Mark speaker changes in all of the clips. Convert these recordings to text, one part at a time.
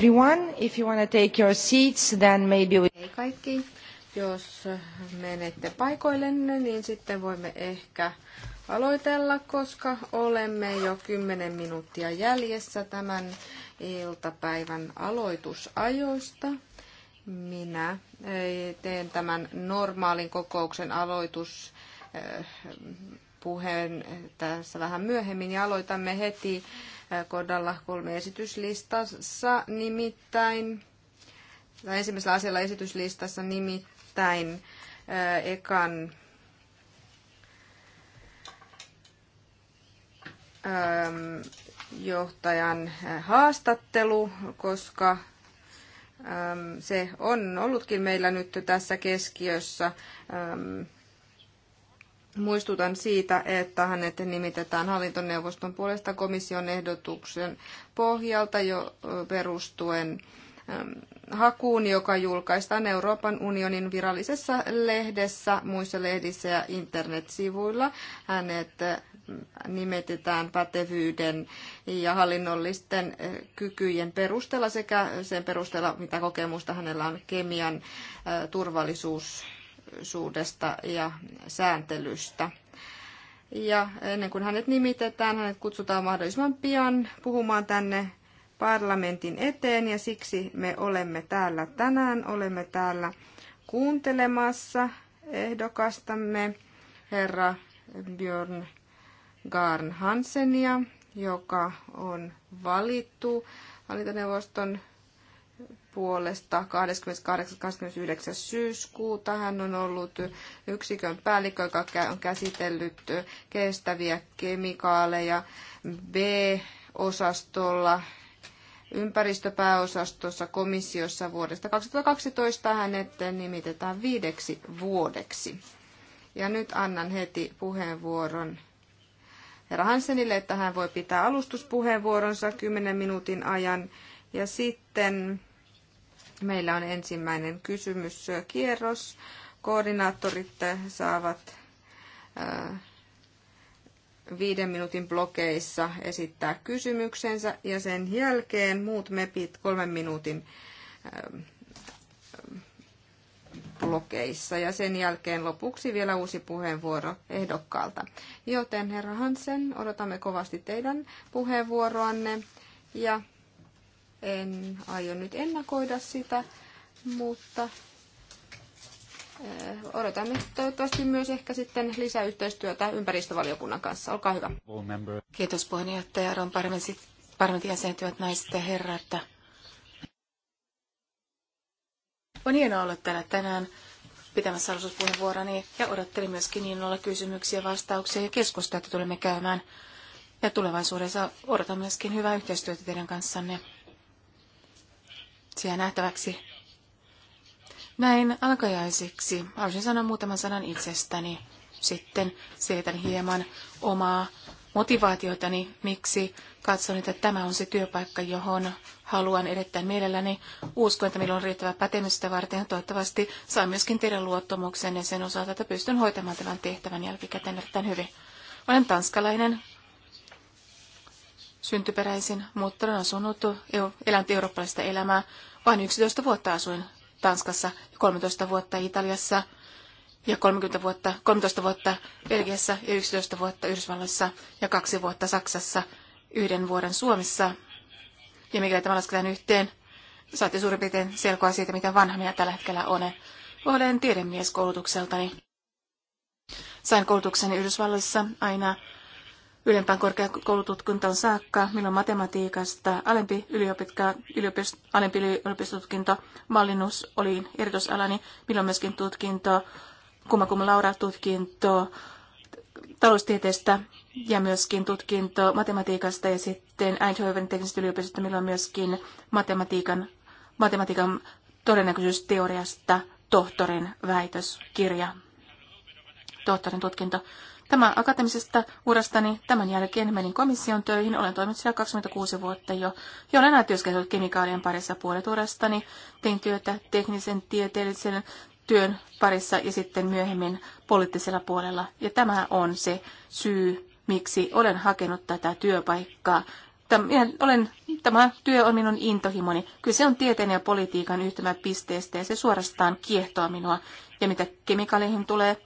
Speaker 1: everyone. If you want to take your seats, then maybe we... Kaikki. Jos menette paikoillenne, niin sitten voimme ehkä aloitella, koska olemme jo 10 minuuttia jäljessä tämän iltapäivän aloitusajoista. Minä eh, teen tämän normaalin kokouksen aloitus eh, puheen tässä vähän myöhemmin ja aloitamme heti äh, kohdalla kolme esityslistassa nimittäin, tai ensimmäisellä asialla esityslistassa nimittäin äh, ekan ähm, johtajan äh, haastattelu, koska ähm, se on ollutkin meillä nyt tässä keskiössä. Ähm, Muistutan siitä, että hänet nimitetään hallintoneuvoston puolesta komission ehdotuksen pohjalta jo perustuen hakuun, joka julkaistaan Euroopan unionin virallisessa lehdessä, muissa lehdissä ja internetsivuilla. Hänet nimetetään pätevyyden ja hallinnollisten kykyjen perusteella sekä sen perusteella, mitä kokemusta hänellä on kemian turvallisuus tietoisuudesta ja sääntelystä. Ja ennen kuin hänet nimitetään, hänet kutsutaan mahdollisimman pian puhumaan tänne parlamentin eteen ja siksi me olemme täällä tänään. Olemme täällä kuuntelemassa ehdokastamme herra Björn Garn Hansenia, joka on valittu valintaneuvoston puolesta 28.–29. syyskuuta. Hän on ollut yksikön päällikkö, joka on käsitellyt kestäviä kemikaaleja B-osastolla ympäristöpääosastossa komissiossa vuodesta 2012 hänet nimitetään viideksi vuodeksi. Ja nyt annan heti puheenvuoron herra Hansenille, että hän voi pitää alustuspuheenvuoronsa 10 minuutin ajan. Ja sitten Meillä on ensimmäinen kysymyskierros. Koordinaattorit saavat äh, viiden minuutin blokeissa esittää kysymyksensä ja sen jälkeen muut mepit kolmen minuutin äh, blokeissa ja sen jälkeen lopuksi vielä uusi puheenvuoro ehdokkaalta. Joten herra Hansen, odotamme kovasti teidän puheenvuoroanne ja en aio nyt ennakoida sitä, mutta eh, odotamme toivottavasti myös ehkä sitten lisäyhteistyötä ympäristövaliokunnan
Speaker 2: kanssa. Olkaa hyvä. Kiitos puheenjohtaja Ron Parlamentin jäsentyvät naiset ja herrat. On hienoa olla täällä tänään pitämässä alustuspuheenvuoroni ja odottelin myöskin niin olla kysymyksiä, vastauksia ja keskustelua, että tulemme käymään. Ja tulevaisuudessa odotan myöskin hyvää yhteistyötä teidän kanssanne se nähtäväksi. Näin alkajaisiksi haluaisin sanoa muutaman sanan itsestäni. Sitten selitän hieman omaa motivaatiotani, miksi katson, että tämä on se työpaikka, johon haluan edettää mielelläni. Uskon, että minulla on riittävä pätemys sitä varten. Toivottavasti saan myöskin teidän luottamuksen ja sen osalta, että pystyn hoitamaan tämän tehtävän jälkikäteen erittäin hyvin. Olen tanskalainen, syntyperäisin, mutta olen asunut, elänyt eurooppalaista elämää vain 11 vuotta asuin Tanskassa, 13 vuotta Italiassa ja 30 vuotta, 13 vuotta Belgiassa ja 11 vuotta Yhdysvalloissa ja kaksi vuotta Saksassa, yhden vuoden Suomessa. Ja mikä tämä lasketaan yhteen, saatte suurin piirtein selkoa siitä, mitä vanha minä tällä hetkellä olen. Olen tiedemies koulutukseltani. Sain koulutukseni Yhdysvalloissa aina ylempään korkeakoulututkintoon saakka, milloin matematiikasta alempi, yliopitkä, yliopist, alempi yliopistotutkinto, mallinnus oli erityisalani, niin milloin myöskin tutkinto, kummakum laura tutkinto, taloustieteestä ja myöskin tutkinto matematiikasta ja sitten Eindhoven teknisestä yliopistosta, milloin myöskin matematiikan, matematiikan todennäköisyysteoriasta tohtorin väitöskirja, tohtorin tutkinto. Tämä akateemisesta urastani tämän jälkeen menin komission töihin. Olen toiminut siellä 26 vuotta jo, ja olen aina työskennellyt kemikaalien parissa puolet urastani. Tein työtä teknisen, tieteellisen työn parissa ja sitten myöhemmin poliittisella puolella. Ja tämä on se syy, miksi olen hakenut tätä työpaikkaa. Tämä, olen, tämä työ on minun intohimoni. Kyse on tieteen ja politiikan yhtymäpisteestä ja se suorastaan kiehtoo minua. Ja mitä kemikaaleihin tulee,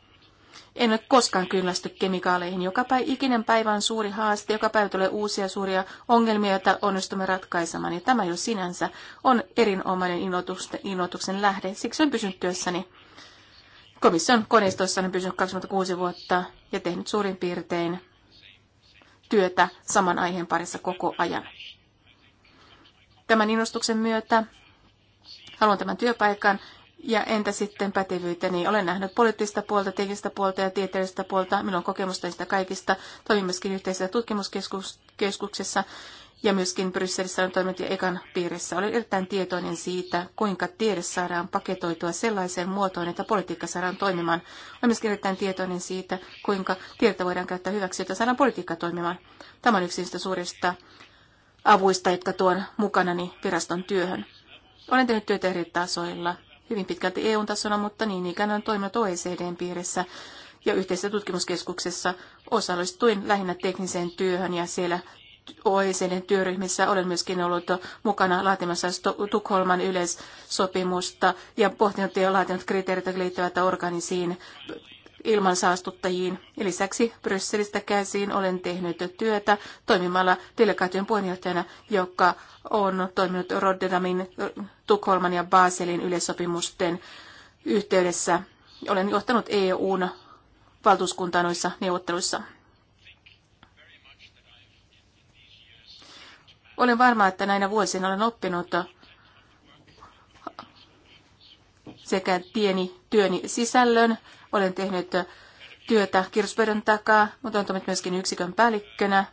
Speaker 2: en ole koskaan kyllästy kemikaaleihin. Joka päivä ikinen päivä on suuri haaste, joka päivä tulee uusia suuria ongelmia, joita onnistumme ratkaisemaan. Ja tämä jo sinänsä on erinomainen innoituksen lähde. Siksi on pysynyt työssäni. Komission koneistossa on pysynyt 26 vuotta ja tehnyt suurin piirtein työtä saman aiheen parissa koko ajan. Tämän innostuksen myötä haluan tämän työpaikan ja entä sitten pätevyyteni? Olen nähnyt poliittista puolta, teknistä puolta ja tieteellistä puolta. Minulla on kokemusta niistä kaikista. Toimin myöskin yhteisessä tutkimuskeskuksessa ja myöskin Brysselissä on toiminut ja ekan piirissä. Olen erittäin tietoinen siitä, kuinka tiede saadaan paketoitua sellaiseen muotoon, että politiikka saadaan toimimaan. Olen myöskin erittäin tietoinen siitä, kuinka tietä voidaan käyttää hyväksi, että saadaan politiikka toimimaan. Tämä on yksi niistä suurista avuista, jotka tuon mukanani viraston työhön. Olen tehnyt työtä eri tasoilla hyvin pitkälti EU-tasolla, mutta niin ikään on toiminut OECDn piirissä ja yhteisessä tutkimuskeskuksessa. Osallistuin lähinnä tekniseen työhön ja siellä OECDn työryhmissä olen myöskin ollut mukana laatimassa Tukholman yleissopimusta ja pohtinut ja laatinut kriteerit, jotka liittyvät organisiin ilmansaastuttajiin. Ja lisäksi Brysselistä käsiin olen tehnyt työtä toimimalla delegaation puheenjohtajana, joka on toiminut Rotterdamin, Tukholman ja Baselin yleissopimusten yhteydessä. Olen johtanut EUn valtuuskuntaa noissa neuvotteluissa. Olen varma, että näinä vuosina olen oppinut sekä tieni työni sisällön olen tehnyt työtä kirjoituspöydän takaa, mutta olen toiminut myöskin yksikön päällikkönä,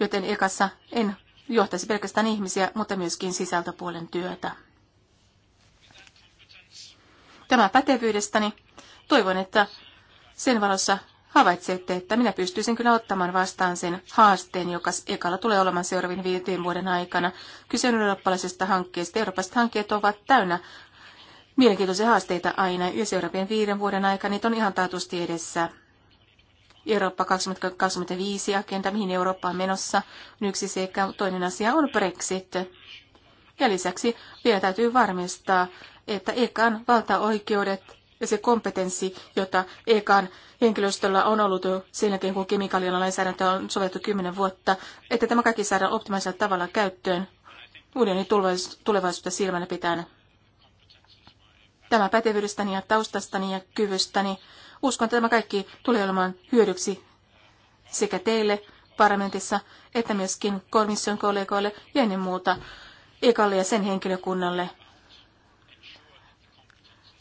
Speaker 2: joten ekassa en johtaisi pelkästään ihmisiä, mutta myöskin sisältöpuolen työtä. Tämä pätevyydestäni toivon, että sen valossa havaitsette, että minä pystyisin kyllä ottamaan vastaan sen haasteen, joka ekalla tulee olemaan seuraavien viiteen vuoden aikana. Kyse on eurooppalaisesta hankkeesta. Euroopalaiset hankkeet ovat täynnä mielenkiintoisia haasteita aina. Ja seuraavien viiden vuoden aikana niitä on ihan taatusti edessä. Eurooppa 2025 agenda, mihin Eurooppa on menossa, on yksi seikka. Toinen asia on Brexit. Ja lisäksi vielä täytyy varmistaa, että ekan valtaoikeudet ja se kompetenssi, jota ekan henkilöstöllä on ollut sen jälkeen, kun kemikaalialan lainsäädäntö on sovellettu kymmenen vuotta, että tämä kaikki saadaan optimaalisella tavalla käyttöön unionin tulevaisuutta silmällä pitäen. Tämä pätevyydestäni ja taustastani ja kyvystäni. Uskon, että tämä kaikki tulee olemaan hyödyksi sekä teille parlamentissa että myöskin komission kollegoille ja ennen muuta Ekalle ja sen henkilökunnalle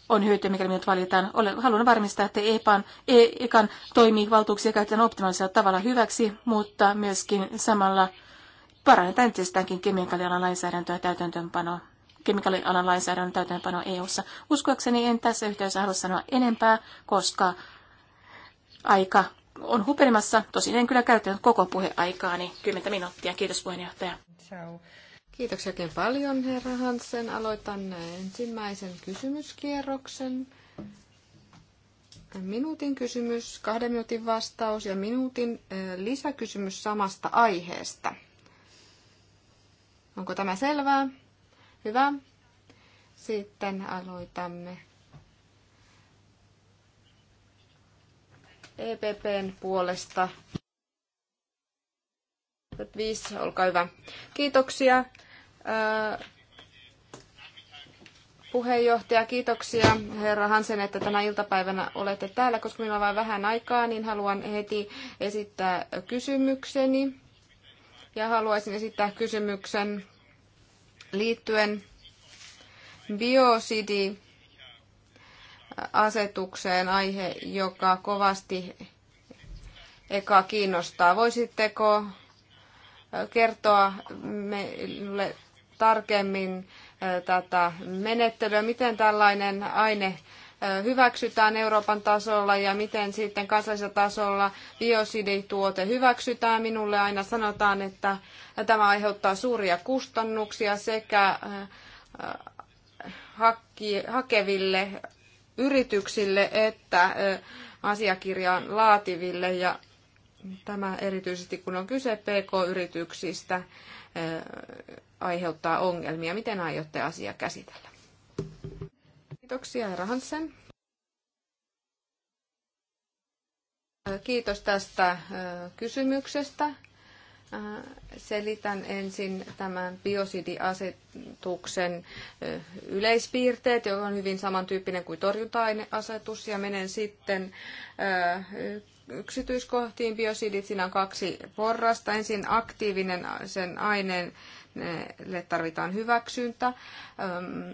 Speaker 2: on hyötyä, mikäli minut valitaan. haluan varmistaa, että EPAN, e EKAN valtuuksia käytetään optimaalisella tavalla hyväksi, mutta myöskin samalla parannetaan entisestäänkin kemiankalialan lainsäädäntöä ja täytäntöönpanoa kemikaalialan lainsäädännön täytäntöönpano EU-ssa. Uskoakseni en tässä yhteydessä halua sanoa enempää, koska aika on hupenemassa. Tosin en kyllä käyttänyt koko niin 10 minuuttia. Kiitos puheenjohtaja.
Speaker 1: Kiitoksia oikein paljon, herra Hansen. Aloitan ensimmäisen kysymyskierroksen. Minuutin kysymys, kahden minuutin vastaus ja minuutin lisäkysymys samasta aiheesta. Onko tämä selvää? Hyvä. Sitten aloitamme EPPn puolesta. Viisi, olkaa hyvä. Kiitoksia äh, puheenjohtaja, kiitoksia herra Hansen, että tänä iltapäivänä olette täällä. Koska minulla on vain vähän aikaa, niin haluan heti esittää kysymykseni. Ja haluaisin esittää kysymyksen liittyen biosidi asetukseen aihe, joka kovasti eka kiinnostaa. Voisitteko kertoa meille tarkemmin tätä menettelyä, miten tällainen aine hyväksytään Euroopan tasolla ja miten sitten kansallisella tasolla biosidituote hyväksytään. Minulle aina sanotaan, että tämä aiheuttaa suuria kustannuksia sekä hakeville yrityksille että asiakirjan laativille ja tämä erityisesti kun on kyse PK-yrityksistä aiheuttaa ongelmia. Miten aiotte asia käsitellä? Kiitoksia, herra Hansen. Äh, kiitos tästä äh, kysymyksestä. Äh, selitän ensin tämän biosidiasetuksen yleispiirteet, joka on hyvin samantyyppinen kuin torjunta-aineasetus, ja menen sitten yksityiskohtiin. Biosidit, siinä on kaksi porrasta. Ensin aktiivinen sen aineen tarvitaan hyväksyntä ähm,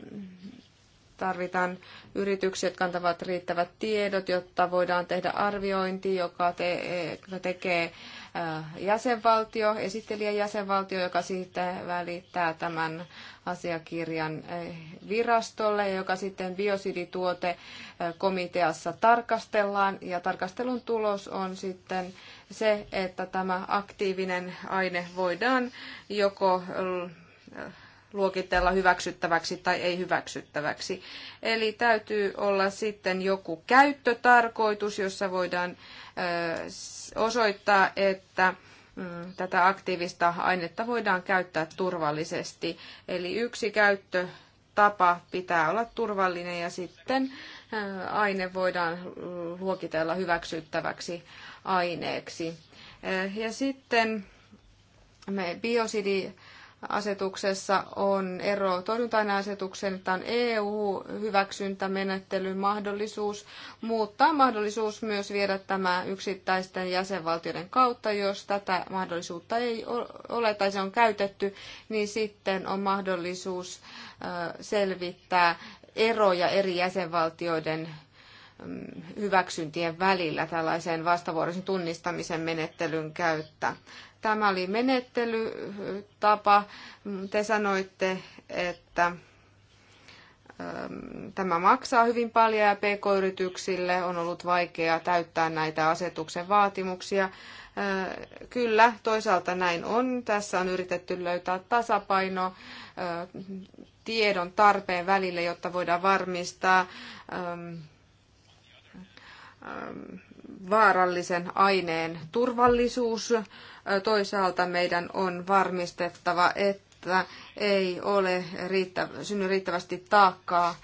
Speaker 1: Tarvitaan yrityksiä, jotka antavat riittävät tiedot, jotta voidaan tehdä arviointi, joka, te, tekee äh, jäsenvaltio, esittelijä jäsenvaltio, joka siitä välittää tämän asiakirjan äh, virastolle, joka sitten biosidituotekomiteassa äh, tarkastellaan. Ja tarkastelun tulos on sitten se, että tämä aktiivinen aine voidaan joko luokitella hyväksyttäväksi tai ei hyväksyttäväksi. Eli täytyy olla sitten joku käyttötarkoitus, jossa voidaan osoittaa, että mm, tätä aktiivista ainetta voidaan käyttää turvallisesti. Eli yksi käyttötapa pitää olla turvallinen ja sitten aine voidaan luokitella hyväksyttäväksi aineeksi. Ja sitten me biosidi asetuksessa on ero torjunta-aineasetuksen, että on EU-hyväksyntämenettelyn mahdollisuus, mutta mahdollisuus myös viedä tämä yksittäisten jäsenvaltioiden kautta. Jos tätä mahdollisuutta ei ole tai se on käytetty, niin sitten on mahdollisuus selvittää eroja eri jäsenvaltioiden mm, hyväksyntien välillä tällaisen vastavuoroisen tunnistamisen menettelyn käyttä. Tämä oli menettelytapa. Te sanoitte, että ähm, tämä maksaa hyvin paljon ja pk-yrityksille on ollut vaikea täyttää näitä asetuksen vaatimuksia. Äh, kyllä, toisaalta näin on. Tässä on yritetty löytää tasapaino äh, tiedon tarpeen välille, jotta voidaan varmistaa ähm, ähm, vaarallisen aineen turvallisuus toisaalta meidän on varmistettava, että ei ole riittä, synny riittävästi taakkaa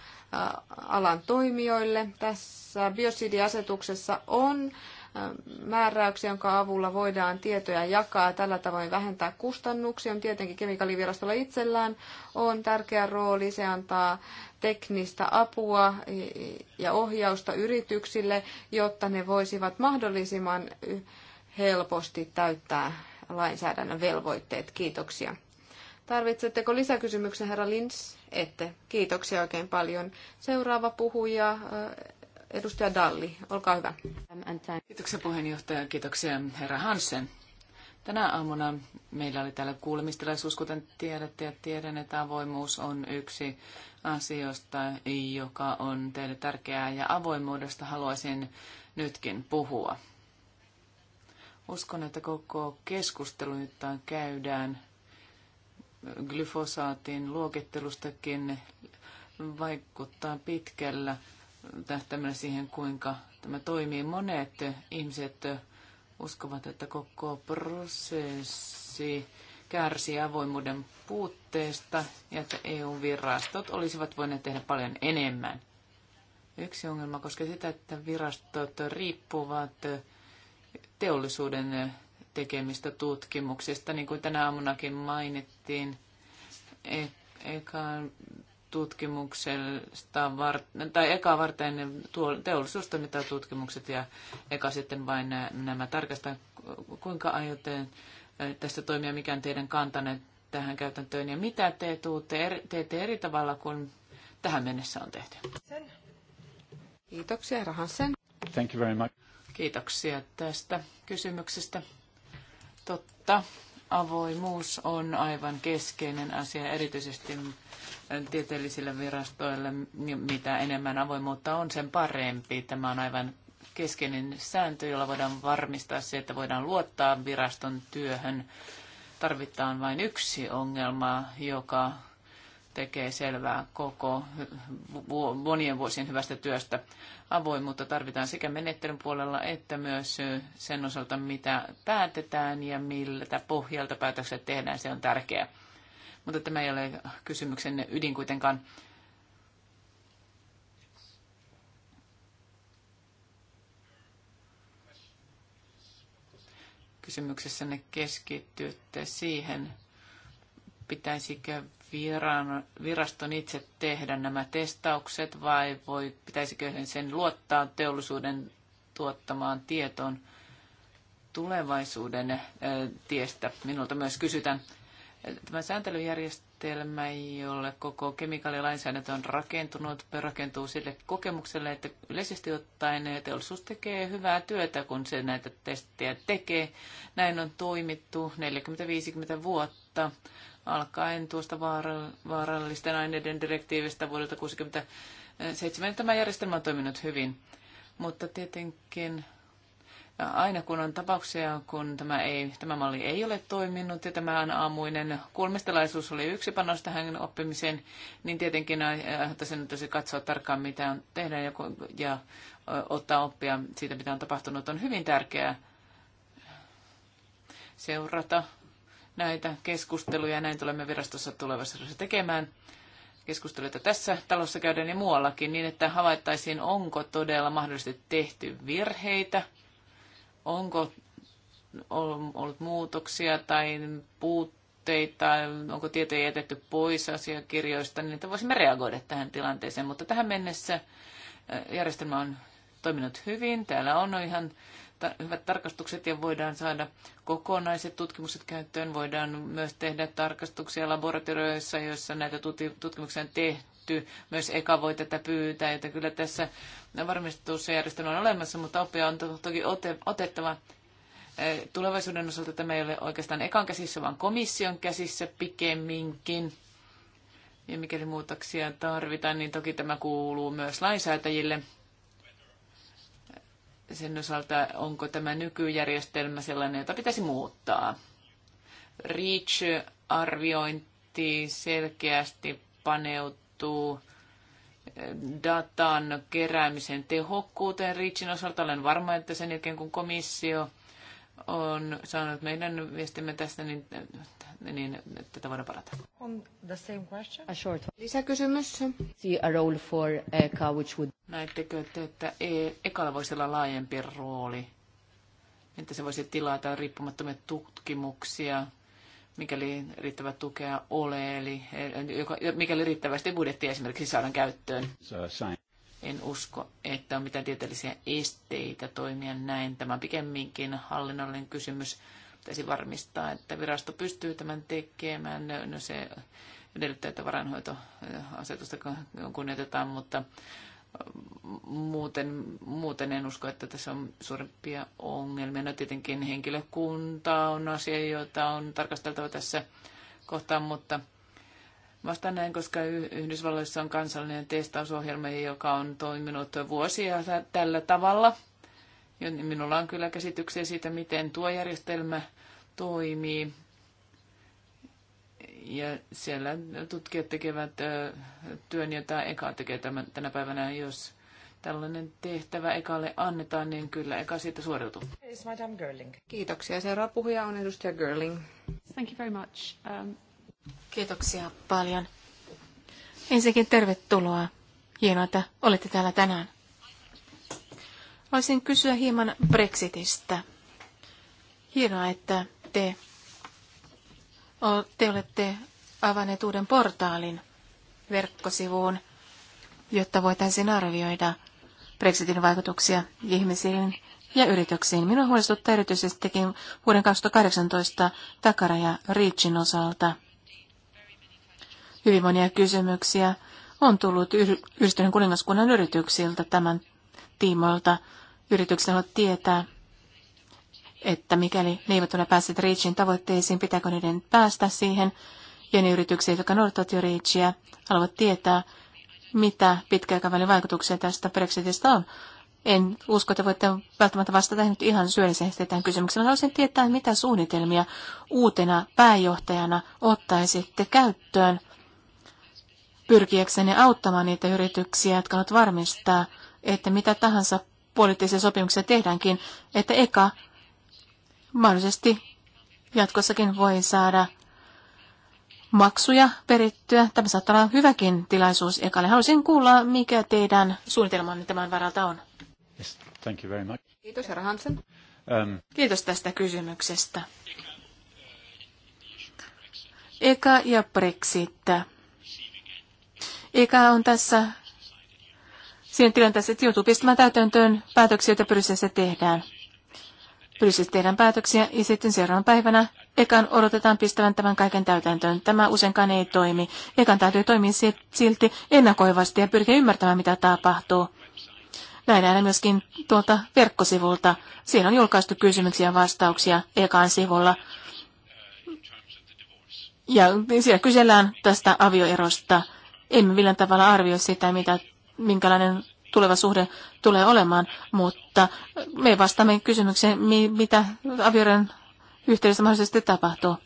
Speaker 1: alan toimijoille. Tässä biosidiasetuksessa on määräyksiä, jonka avulla voidaan tietoja jakaa tällä tavoin vähentää kustannuksia. On Tietenkin kemikaalivirastolla itsellään on tärkeä rooli. Se antaa teknistä apua ja ohjausta yrityksille, jotta ne voisivat mahdollisimman helposti täyttää lainsäädännön velvoitteet. Kiitoksia. Tarvitsetteko lisäkysymyksen, herra Lins? Ette. Kiitoksia oikein paljon. Seuraava puhuja,
Speaker 3: edustaja Dalli, olkaa hyvä. Kiitoksia puheenjohtaja, kiitoksia herra Hansen. Tänä aamuna meillä oli täällä kuulemistilaisuus, kuten tiedätte ja tiedän, että avoimuus on yksi asioista, joka on teille tärkeää ja avoimuudesta haluaisin nytkin puhua. Uskon, että koko keskustelu nyt käydään glyfosaatin luokittelustakin vaikuttaa pitkällä tähtäimellä siihen, kuinka tämä toimii. Monet ihmiset uskovat, että koko prosessi kärsii avoimuuden puutteesta ja että EU-virastot olisivat voineet tehdä paljon enemmän. Yksi ongelma koskee sitä, että virastot riippuvat teollisuuden tekemistä tutkimuksista, niin kuin tänä aamunakin mainittiin. E- eka tutkimuksesta varten, tai eka varten tuo, teollisuus tutkimukset ja eka sitten vain nämä tarkastaa, kuinka aiotte tästä toimia, mikä on teidän kantanne tähän käytäntöön ja mitä te tuutte, teette eri tavalla kuin tähän mennessä on tehty. Kiitoksia, Rahansen. Thank you very much. Kiitoksia tästä kysymyksestä. Totta, avoimuus on aivan keskeinen asia, erityisesti tieteellisille virastoille. Mitä enemmän avoimuutta on, sen parempi. Tämä on aivan keskeinen sääntö, jolla voidaan varmistaa se, että voidaan luottaa viraston työhön. Tarvitaan vain yksi ongelma, joka tekee selvää koko monien vuosien hyvästä työstä. Avoimuutta tarvitaan sekä menettelyn puolella että myös sen osalta, mitä päätetään ja miltä pohjalta päätökset tehdään. Se on tärkeää. Mutta tämä ei ole kysymyksen ydin kuitenkaan. kysymyksessänne keskittyitte siihen, pitäisikö viran, viraston itse tehdä nämä testaukset vai voi, pitäisikö sen luottaa teollisuuden tuottamaan tietoon tulevaisuuden tiestä? Minulta myös kysytään. Tämä sääntelyjärjestelmä, jolle koko kemikaalilainsäädäntö on rakentunut, rakentuu sille kokemukselle, että yleisesti ottaen teollisuus tekee hyvää työtä, kun se näitä testejä tekee. Näin on toimittu 40-50 vuotta alkaen tuosta vaarallisten aineiden direktiivistä vuodelta 1967. Tämä järjestelmä on toiminut hyvin, mutta tietenkin aina kun on tapauksia, kun tämä, ei, tämä malli ei ole toiminut ja tämä aamuinen kulmistelaisuus oli yksi panos tähän oppimiseen, niin tietenkin aiheuttaisin tosi katsoa tarkkaan, mitä on tehdä ja, ja ottaa oppia siitä, mitä on tapahtunut, on hyvin tärkeää seurata näitä keskusteluja. Näin tulemme virastossa tulevaisuudessa tekemään keskusteluita tässä talossa käydään ja muuallakin, niin että havaittaisiin, onko todella mahdollisesti tehty virheitä, onko ollut muutoksia tai puutteita, onko tietoja jätetty pois asiakirjoista, niin että voisimme reagoida tähän tilanteeseen. Mutta tähän mennessä järjestelmä on toiminut hyvin. Täällä on ihan hyvät tarkastukset ja voidaan saada kokonaiset tutkimukset käyttöön. Voidaan myös tehdä tarkastuksia laboratorioissa, joissa näitä tutkimuksia on tehty. Myös eka voi tätä pyytää, että kyllä tässä varmistusjärjestelmä on olemassa, mutta oppia on toki otettava tulevaisuuden osalta tämä ei ole oikeastaan ekan käsissä, vaan komission käsissä pikemminkin. Ja mikäli muutoksia tarvitaan, niin toki tämä kuuluu myös lainsäätäjille sen osalta, onko tämä nykyjärjestelmä sellainen, jota pitäisi muuttaa. REACH-arviointi selkeästi paneutuu eh, datan keräämisen tehokkuuteen REACHin osalta. Olen varma, että sen jälkeen kun komissio on saanut meidän viestimme tästä, niin niin tätä voidaan parata.
Speaker 1: On the same question? A short one. Lisäkysymys. See a role for ECA which would...
Speaker 3: Näettekö että ECAlla voisi olla laajempi rooli? Että se voisi tilata riippumattomia tutkimuksia, mikäli riittävä tukea ole, eli mikäli riittävästi budjettia esimerkiksi saadaan käyttöön. Uh, en usko, että on mitään tieteellisiä esteitä toimia näin. Tämä on pikemminkin hallinnollinen kysymys pitäisi varmistaa, että virasto pystyy tämän tekemään. No se edellyttää, että varainhoitoasetusta kunnioitetaan, mutta muuten, muuten en usko, että tässä on suurempia ongelmia. No tietenkin henkilökunta on asia, jota on tarkasteltava tässä kohtaa, mutta Vastaan näin, koska Yhdysvalloissa on kansallinen testausohjelma, joka on toiminut vuosia tällä tavalla – ja minulla on kyllä käsityksiä siitä, miten tuo järjestelmä toimii. Ja siellä tutkijat tekevät työn, jota Eka tekee tämän, tänä päivänä. Jos tällainen tehtävä Ekalle annetaan, niin kyllä Eka siitä suoriutuu. Kiitoksia. Seuraava puhuja on edustaja Girling.
Speaker 2: Thank you very much. Um... Kiitoksia paljon. Ensinnäkin tervetuloa. Hienoa, että olette täällä tänään. Voisin kysyä hieman Brexitistä. Hienoa, että te, te olette avanneet uuden portaalin verkkosivuun, jotta voitaisiin arvioida Brexitin vaikutuksia ihmisiin ja yrityksiin. Minua huolestuttaa erityisestikin vuoden 2018 ja Reachin osalta. Hyvin monia kysymyksiä on tullut yhdistyneen kuningaskunnan yrityksiltä tämän tiimoilta yrityksen haluavat tietää, että mikäli ne eivät ole päässeet REACHin tavoitteisiin, pitääkö niiden päästä siihen. Ja ne yritykset, jotka noudattavat jo REACHia, haluavat tietää, mitä pitkäaikavälin vaikutuksia tästä Brexitistä on. En usko, että voitte välttämättä vastata nyt ihan syöllisesti tähän kysymykseen. Haluaisin tietää, mitä suunnitelmia uutena pääjohtajana ottaisitte käyttöön pyrkiäkseni auttamaan niitä yrityksiä, jotka ovat varmistaa, että mitä tahansa poliittisia sopimuksia tehdäänkin, että eka mahdollisesti jatkossakin voi saada maksuja perittyä. Tämä saattaa olla hyväkin tilaisuus ekalle. Haluaisin kuulla, mikä teidän suunnitelmanne tämän varalta on.
Speaker 3: Yes, thank you very much.
Speaker 2: Kiitos, herra Hansen. Um, Kiitos tästä kysymyksestä. Eka ja Brexit. Eka on tässä siinä tilanteessa, että joutuu pistämään täytäntöön päätöksiä, joita Brysselissä tehdään. Brysselissä tehdään päätöksiä ja sitten seuraavan päivänä ekan odotetaan pistävän tämän kaiken täytäntöön. Tämä useinkaan ei toimi. Ekan täytyy toimia silti ennakoivasti ja pyrkiä ymmärtämään, mitä tapahtuu. Näin nähdään myöskin tuolta verkkosivulta. Siinä on julkaistu kysymyksiä ja vastauksia ekan sivulla. Ja siellä kysellään tästä avioerosta. Emme millään tavalla arvioi sitä, mitä minkälainen tuleva suhde tulee olemaan, mutta me vastaamme kysymykseen, mitä avioiden yhteydessä mahdollisesti tapahtuu.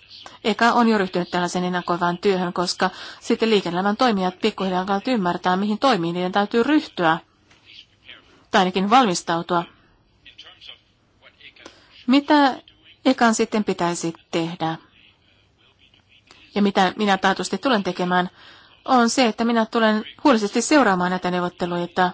Speaker 2: Eka on jo ryhtynyt tällaisen ennakoivaan työhön, koska sitten liikennelämän toimijat pikkuhiljaa alkavat ymmärtää, mihin toimiin niiden täytyy ryhtyä, tai ainakin valmistautua. Mitä ekan sitten pitäisi tehdä? Ja mitä minä taatusti tulen tekemään, on se, että minä tulen huolellisesti seuraamaan näitä neuvotteluita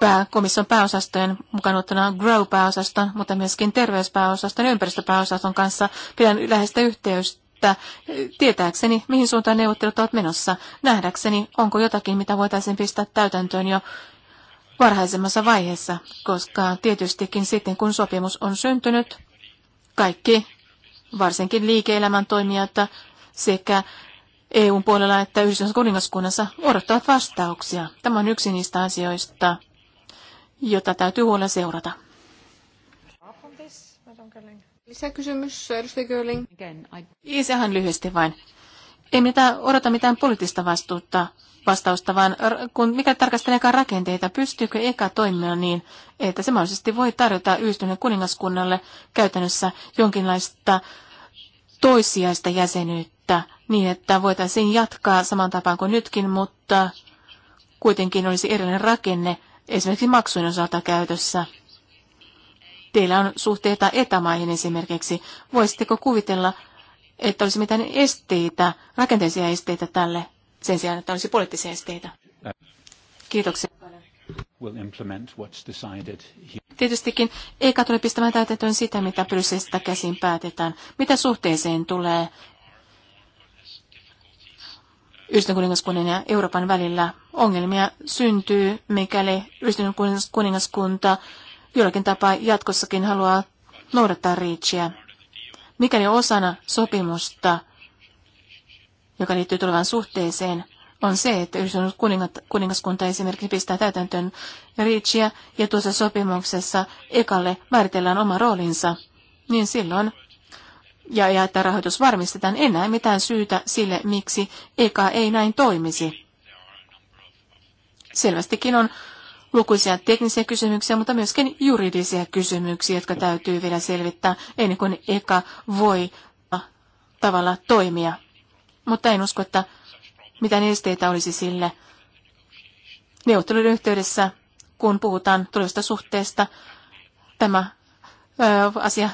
Speaker 2: pää, komission pääosastojen mukaan ottana Grow-pääosaston, mutta myöskin terveyspääosaston ja ympäristöpääosaston kanssa pidän läheistä yhteystä tietääkseni, mihin suuntaan neuvottelut ovat menossa, nähdäkseni, onko jotakin, mitä voitaisiin pistää täytäntöön jo varhaisemmassa vaiheessa, koska tietystikin sitten, kun sopimus on syntynyt, kaikki, varsinkin liike-elämän toimijat sekä EUn puolella että Yhdysvallan kuningaskunnassa odottavat vastauksia. Tämä on yksi niistä asioista, jota täytyy huolella seurata.
Speaker 1: Lisäkysymys, edustaja Görling.
Speaker 2: Ihan lyhyesti vain. Ei mitään, odota mitään poliittista vastuutta, vastausta, vaan kun mikä tarkasteleekaan rakenteita, pystyykö eka toimia niin, että se mahdollisesti voi tarjota yhdistyneen kuningaskunnalle käytännössä jonkinlaista toissijaista jäsenyyttä niin, että voitaisiin jatkaa saman tapaan kuin nytkin, mutta kuitenkin olisi erilainen rakenne esimerkiksi maksujen osalta käytössä. Teillä on suhteita etämaihin esimerkiksi. Voisitteko kuvitella, että olisi mitään esteitä, rakenteellisia esteitä tälle sen sijaan, että olisi poliittisia esteitä? Kiitoksia
Speaker 3: implement what's decided here.
Speaker 2: Tietystikin eikä tule pistämään täytäntöön sitä, mitä Brysselistä käsin päätetään. Mitä suhteeseen tulee Yhdistyneen kuningaskunnan ja Euroopan välillä ongelmia syntyy, mikäli Yhdistyneen kuningaskunta jollakin tapaa jatkossakin haluaa noudattaa riitsiä. Mikäli osana sopimusta, joka liittyy tulevaan suhteeseen, on se, että yhdistynyt kuningaskunta esimerkiksi pistää täytäntöön Reachia ja tuossa sopimuksessa ekalle määritellään oma roolinsa, niin silloin ja, ja että rahoitus varmistetaan, enää mitään syytä sille, miksi eka ei näin toimisi. Selvästikin on lukuisia teknisiä kysymyksiä, mutta myöskin juridisia kysymyksiä, jotka täytyy vielä selvittää ennen kuin eka voi äh, tavalla toimia. Mutta en usko, että mitään esteitä olisi sille. Neuvottelujen yhteydessä, kun puhutaan tulevista suhteesta, tämä ö, asia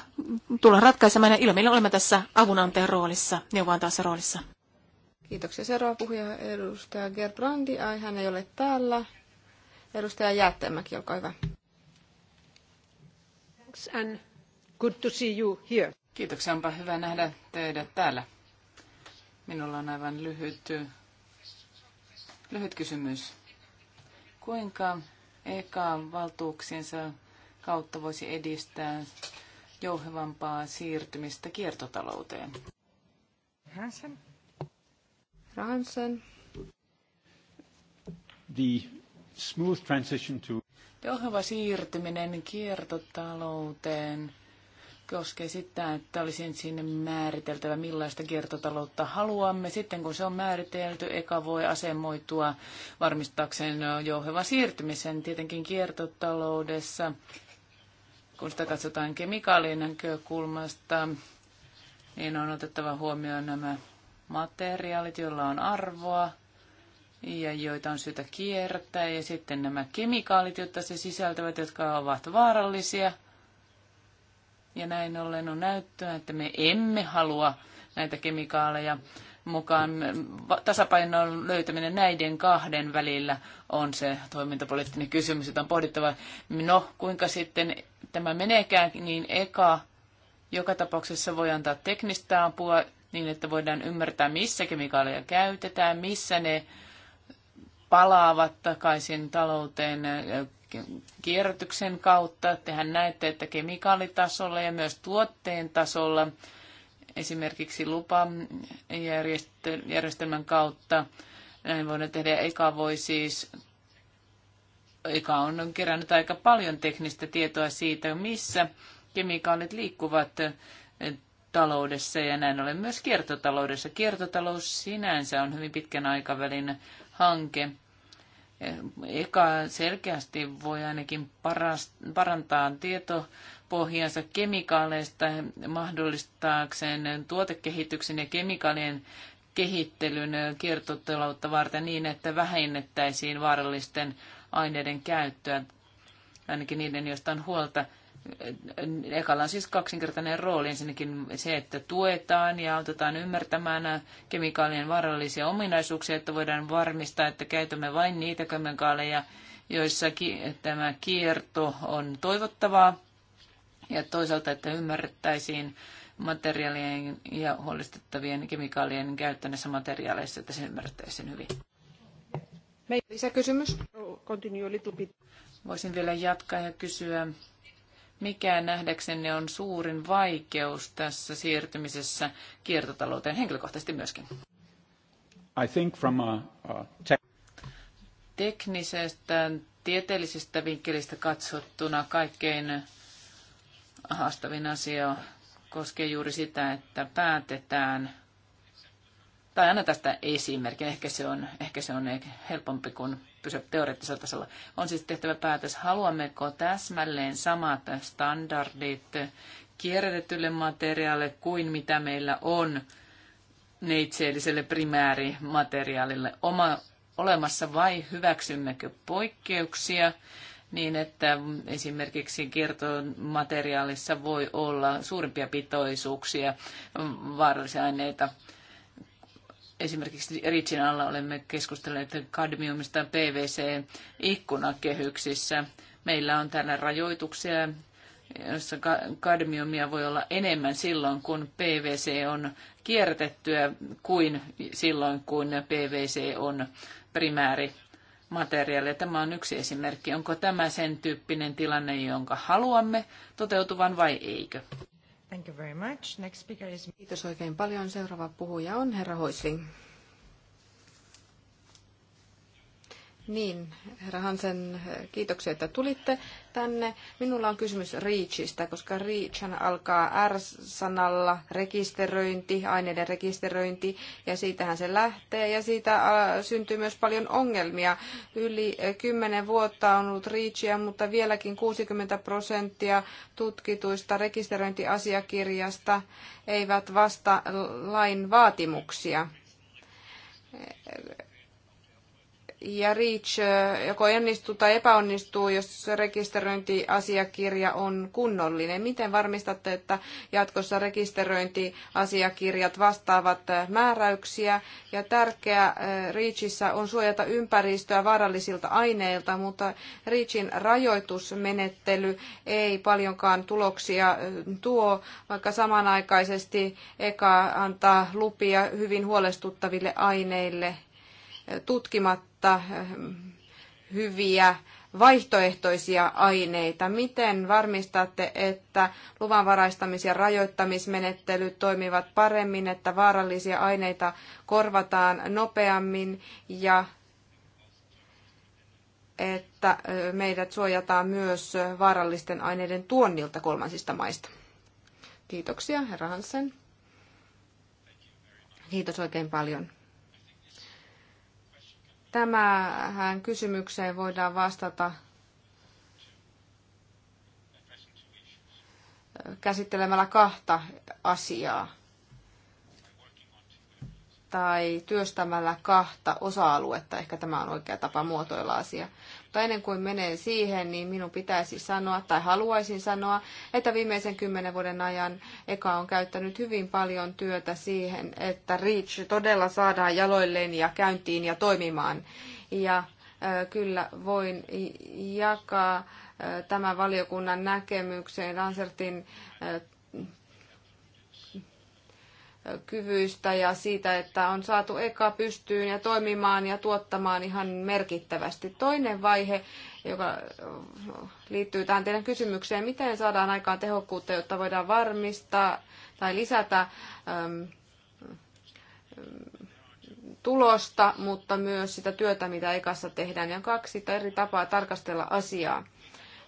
Speaker 2: tullaan ratkaisemaan ja ilmeillä olemme tässä avunantajan roolissa, neuvontaassa roolissa. Kiitoksia.
Speaker 1: Seuraava puhuja edustaja Gerbrandi. Ai, hän ei ole täällä. Edustaja Jäätteenmäki, olkaa hyvä.
Speaker 3: Thanks and good to see you here. Kiitoksia, onpa hyvä nähdä teidät täällä. Minulla on aivan lyhyt Lyhyt kysymys. Kuinka EKA valtuuksiensa kautta voisi edistää jouhevampaa siirtymistä kiertotalouteen? Hansen. Hansen.
Speaker 1: The smooth transition to...
Speaker 3: Jouheva siirtyminen kiertotalouteen – koskee sitä, että olisi ensin määriteltävä, millaista kiertotaloutta haluamme. Sitten kun se on määritelty, eka voi asemoitua varmistaakseen jouhevan siirtymisen tietenkin kiertotaloudessa, kun sitä katsotaan kemikaalien näkökulmasta, niin on otettava huomioon nämä materiaalit, joilla on arvoa ja joita on syytä kiertää. ja sitten nämä kemikaalit, joita se sisältävät, jotka ovat vaarallisia – ja näin ollen on näyttöä, että me emme halua näitä kemikaaleja mukaan. Tasapainon löytäminen näiden kahden välillä on se toimintapoliittinen kysymys, jota on pohdittava. No, kuinka sitten tämä meneekään, niin eka joka tapauksessa voi antaa teknistä apua niin, että voidaan ymmärtää, missä kemikaaleja käytetään, missä ne palaavat takaisin talouteen kierrätyksen kautta. Tehän näette, että kemikaalitasolla ja myös tuotteen tasolla, esimerkiksi lupajärjestelmän kautta, näin voidaan tehdä. Eka voi siis Eka on kerännyt aika paljon teknistä tietoa siitä, missä kemikaalit liikkuvat taloudessa ja näin ollen myös kiertotaloudessa. Kiertotalous sinänsä on hyvin pitkän aikavälin hanke. Eka selkeästi voi ainakin parantaa tietopohjansa kemikaaleista mahdollistaakseen tuotekehityksen ja kemikaalien kehittelyn kiertotaloutta varten niin, että vähennettäisiin vaarallisten aineiden käyttöä, ainakin niiden, joista on huolta. Ekalla on siis kaksinkertainen rooli. Ensinnäkin se, että tuetaan ja autetaan ymmärtämään kemikaalien vaarallisia ominaisuuksia, että voidaan varmistaa, että käytämme vain niitä kemikaaleja, joissa tämä kierto on toivottavaa. Ja toisaalta, että ymmärrettäisiin materiaalien ja huolestettavien kemikaalien käyttö materiaaleissa, että se ymmärrettäisiin hyvin. Lisäkysymys? Oh, Voisin vielä jatkaa ja kysyä mikä nähdäksenne on suurin vaikeus tässä siirtymisessä kiertotalouteen henkilökohtaisesti myöskin? I think from a, a te- Teknisestä, tieteellisestä vinkkelistä katsottuna kaikkein haastavin asia koskee juuri sitä, että päätetään, tai annetaan tästä esimerkki, ehkä se on, ehkä se on helpompi kuin kysyä teoreettisella tasolla. On siis tehtävä päätös, haluammeko täsmälleen samat standardit kierrätetylle materiaalille kuin mitä meillä on neitseelliselle primäärimateriaalille oma, olemassa vai hyväksymmekö poikkeuksia niin, että esimerkiksi kiertomateriaalissa voi olla suurimpia pitoisuuksia vaarallisia aineita Esimerkiksi Ritsin alla olemme keskustelleet kadmiumista PVC-ikkunakehyksissä. Meillä on täällä rajoituksia, jossa kadmiumia voi olla enemmän silloin, kun PVC on kierrätettyä kuin silloin, kun PVC on primääri materiaali. Tämä on yksi esimerkki. Onko tämä sen tyyppinen tilanne, jonka haluamme toteutuvan vai eikö?
Speaker 2: Thank you very
Speaker 1: much. Next speaker is... Kiitos oikein paljon. Seuraava puhuja on herra Hoisling. Niin, herra Hansen, kiitoksia, että tulitte tänne. Minulla on kysymys REACHista, koska REACH alkaa R-sanalla, rekisteröinti, aineiden rekisteröinti, ja siitähän se lähtee, ja siitä äh, syntyy myös paljon ongelmia. Yli äh, kymmenen vuotta on ollut REACHia, mutta vieläkin 60 prosenttia tutkituista rekisteröintiasiakirjasta eivät vasta lain vaatimuksia ja REACH joko onnistuu tai epäonnistuu, jos rekisteröintiasiakirja on kunnollinen. Miten varmistatte, että jatkossa rekisteröintiasiakirjat vastaavat määräyksiä? Ja tärkeää REACHissa on suojata ympäristöä vaarallisilta aineilta, mutta REACHin rajoitusmenettely ei paljonkaan tuloksia tuo, vaikka samanaikaisesti EKA antaa lupia hyvin huolestuttaville aineille tutkimatta eh, hyviä vaihtoehtoisia aineita. Miten varmistatte, että luvanvaraistamis- ja rajoittamismenettelyt toimivat paremmin, että vaarallisia aineita korvataan nopeammin ja että eh, meidät suojataan myös vaarallisten aineiden tuonnilta kolmansista maista? Kiitoksia, herra Hansen. Kiitos oikein paljon. Tämähän kysymykseen voidaan vastata käsittelemällä kahta asiaa tai työstämällä kahta osa-aluetta. Ehkä tämä on oikea tapa muotoilla asia mutta ennen kuin menee siihen, niin minun pitäisi sanoa tai haluaisin sanoa, että viimeisen kymmenen vuoden ajan Eka on käyttänyt hyvin paljon työtä siihen, että REACH todella saadaan jaloilleen ja käyntiin ja toimimaan. Ja kyllä voin jakaa tämän valiokunnan näkemykseen Ransertin kyvyistä ja siitä, että on saatu eka pystyyn ja toimimaan ja tuottamaan ihan merkittävästi. Toinen vaihe, joka liittyy tähän teidän kysymykseen, miten saadaan aikaan tehokkuutta, jotta voidaan varmistaa tai lisätä ähm, ähm, tulosta, mutta myös sitä työtä, mitä ekassa tehdään. Ja kaksi eri tapaa tarkastella asiaa.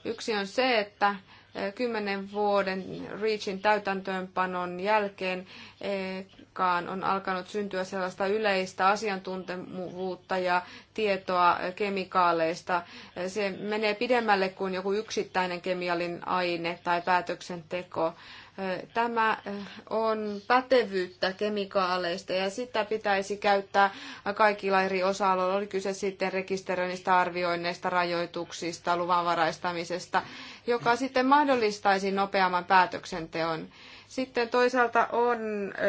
Speaker 1: Yksi on se, että kymmenen vuoden REACHin täytäntöönpanon jälkeen kaan on alkanut syntyä sellaista yleistä asiantuntevuutta ja tietoa kemikaaleista. Se menee pidemmälle kuin joku yksittäinen kemiallinen aine tai päätöksenteko. Tämä on pätevyyttä kemikaaleista ja sitä pitäisi käyttää kaikilla eri osa-alueilla. Oli kyse sitten rekisteröinnistä, arvioinneista, rajoituksista, luvanvaraistamisesta, joka sitten mahdollistaisi nopeamman päätöksenteon. Sitten toisaalta on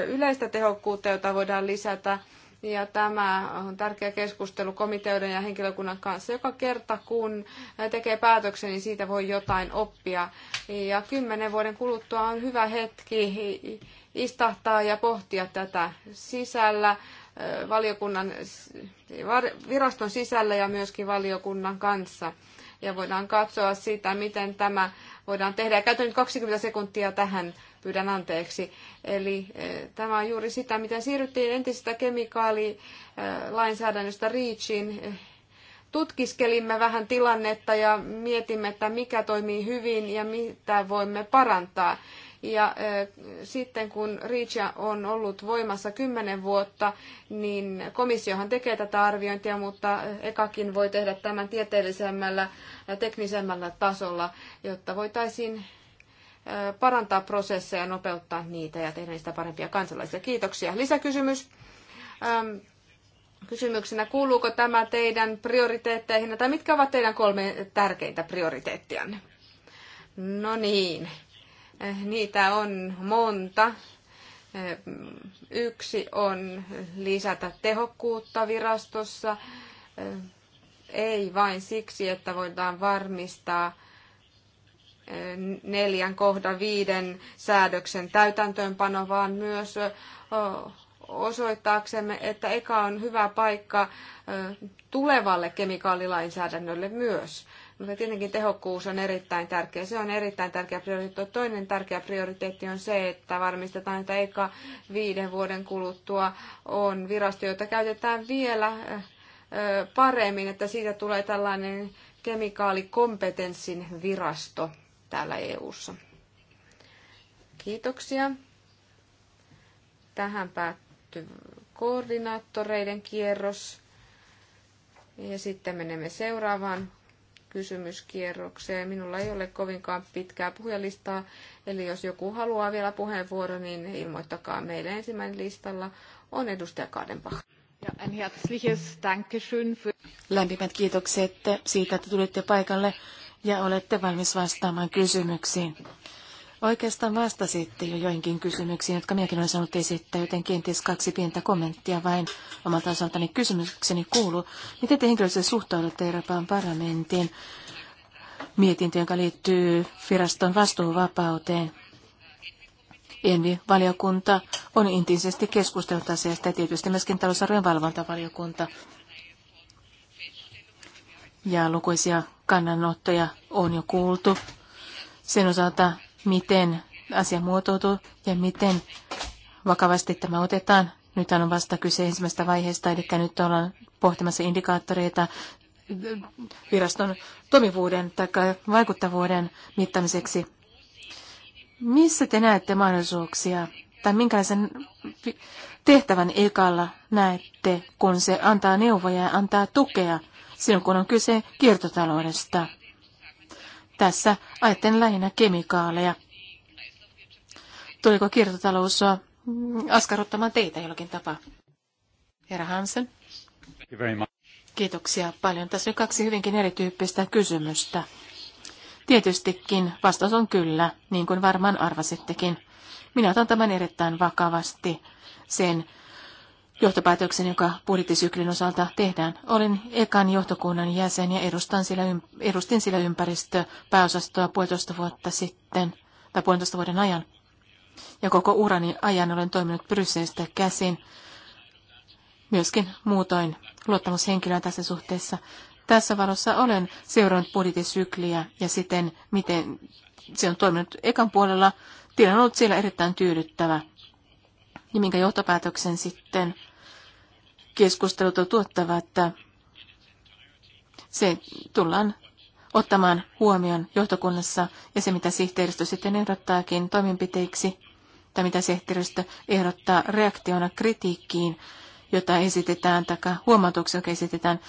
Speaker 1: yleistä tehokkuutta, jota voidaan lisätä ja tämä on tärkeä keskustelu komiteoiden ja henkilökunnan kanssa. Joka kerta, kun tekee päätöksen, niin siitä voi jotain oppia. Ja kymmenen vuoden kuluttua on hyvä hetki istahtaa ja pohtia tätä sisällä valiokunnan, viraston sisällä ja myöskin valiokunnan kanssa. Ja voidaan katsoa sitä, miten tämä voidaan tehdä. Ja käytän nyt 20 sekuntia tähän pyydän anteeksi. Eli e, tämä on juuri sitä, mitä siirryttiin entisestä kemikaalilainsäädännöstä REACHin. E, Tutkiskelimme vähän tilannetta ja mietimme, että mikä toimii hyvin ja mitä voimme parantaa. Ja e, sitten kun REACH on ollut voimassa kymmenen vuotta, niin komissiohan tekee tätä arviointia, mutta ekakin voi tehdä tämän tieteellisemmällä ja teknisemmällä tasolla, jotta voitaisiin parantaa prosesseja, nopeuttaa niitä ja tehdä niistä parempia kansalaisia. Kiitoksia. Lisäkysymys. Kysymyksenä, kuuluuko tämä teidän prioriteetteihin, tai mitkä ovat teidän kolme tärkeintä prioriteettianne? No niin, eh, niitä on monta. Eh, yksi on lisätä tehokkuutta virastossa, eh, ei vain siksi, että voidaan varmistaa neljän kohdan viiden säädöksen täytäntöönpano, vaan myös osoittaaksemme, että eka on hyvä paikka tulevalle kemikaalilainsäädännölle myös. Mutta tietenkin tehokkuus on erittäin tärkeä. Se on erittäin tärkeä prioriteetti. Toinen tärkeä prioriteetti on se, että varmistetaan, että eka viiden vuoden kuluttua on virasto, jota käytetään vielä paremmin, että siitä tulee tällainen kemikaalikompetenssin virasto täällä EU:ssa. Kiitoksia. Tähän päättyy koordinaattoreiden kierros. Ja sitten menemme seuraavaan kysymyskierrokseen. Minulla ei ole kovinkaan pitkää puhujalistaa, eli jos joku haluaa vielä puheenvuoro, niin ilmoittakaa meille. Ensimmäinen listalla on edustaja Kadenbach.
Speaker 2: Ja ein herzliches Dankeschön für... Lämpimät kiitokset siitä, että tulitte paikalle ja olette valmis vastaamaan kysymyksiin. Oikeastaan vastasitte jo joinkin kysymyksiin, jotka minäkin olen saanut esittää, joten kenties kaksi pientä kommenttia vain omalta osaltani. Kysymykseni kuuluu, miten te henkilöstö suhtaudutte Euroopan parlamentin mietintöön, joka liittyy viraston vastuuvapauteen? Envi-valiokunta on intensiivisesti keskustellut asiasta ja tietysti myöskin talousarvion valvontavaliokunta ja lukuisia kannanottoja on jo kuultu sen osalta, miten asia muotoutuu ja miten vakavasti tämä otetaan. Nyt on vasta kyse ensimmäisestä vaiheesta, eli nyt ollaan pohtimassa indikaattoreita viraston toimivuuden tai vaikuttavuuden mittamiseksi. Missä te näette mahdollisuuksia tai minkälaisen tehtävän ekalla näette, kun se antaa neuvoja ja antaa tukea silloin kun on kyse kiertotaloudesta. Tässä ajattelen lähinnä kemikaaleja. Tuliko kiertotalous äh, askarruttamaan teitä jollakin tapaa? Herra Hansen. Kiitoksia paljon. Tässä on kaksi hyvinkin erityyppistä kysymystä. Tietystikin vastaus on kyllä, niin kuin varmaan arvasittekin. Minä otan tämän erittäin vakavasti sen johtopäätöksen, joka budjettisyklin osalta tehdään. Olin ekan johtokunnan jäsen ja edustan sillä, edustin sillä ympäristöpääosastoa puolitoista vuotta sitten tai puolitoista vuoden ajan. Ja koko urani ajan olen toiminut Brysselistä käsin, myöskin muutoin luottamushenkilöä tässä suhteessa. Tässä valossa olen seurannut budjettisykliä ja siten, miten se on toiminut ekan puolella. Tilanne on ollut siellä erittäin tyydyttävä. Ja minkä johtopäätöksen sitten keskustelut tuottava, että se tullaan ottamaan huomioon johtokunnassa ja se, mitä sihteeristö sitten ehdottaakin toimenpiteiksi tai mitä sihteeristö ehdottaa reaktiona kritiikkiin, jota esitetään tai huomautuksia, joka esitetään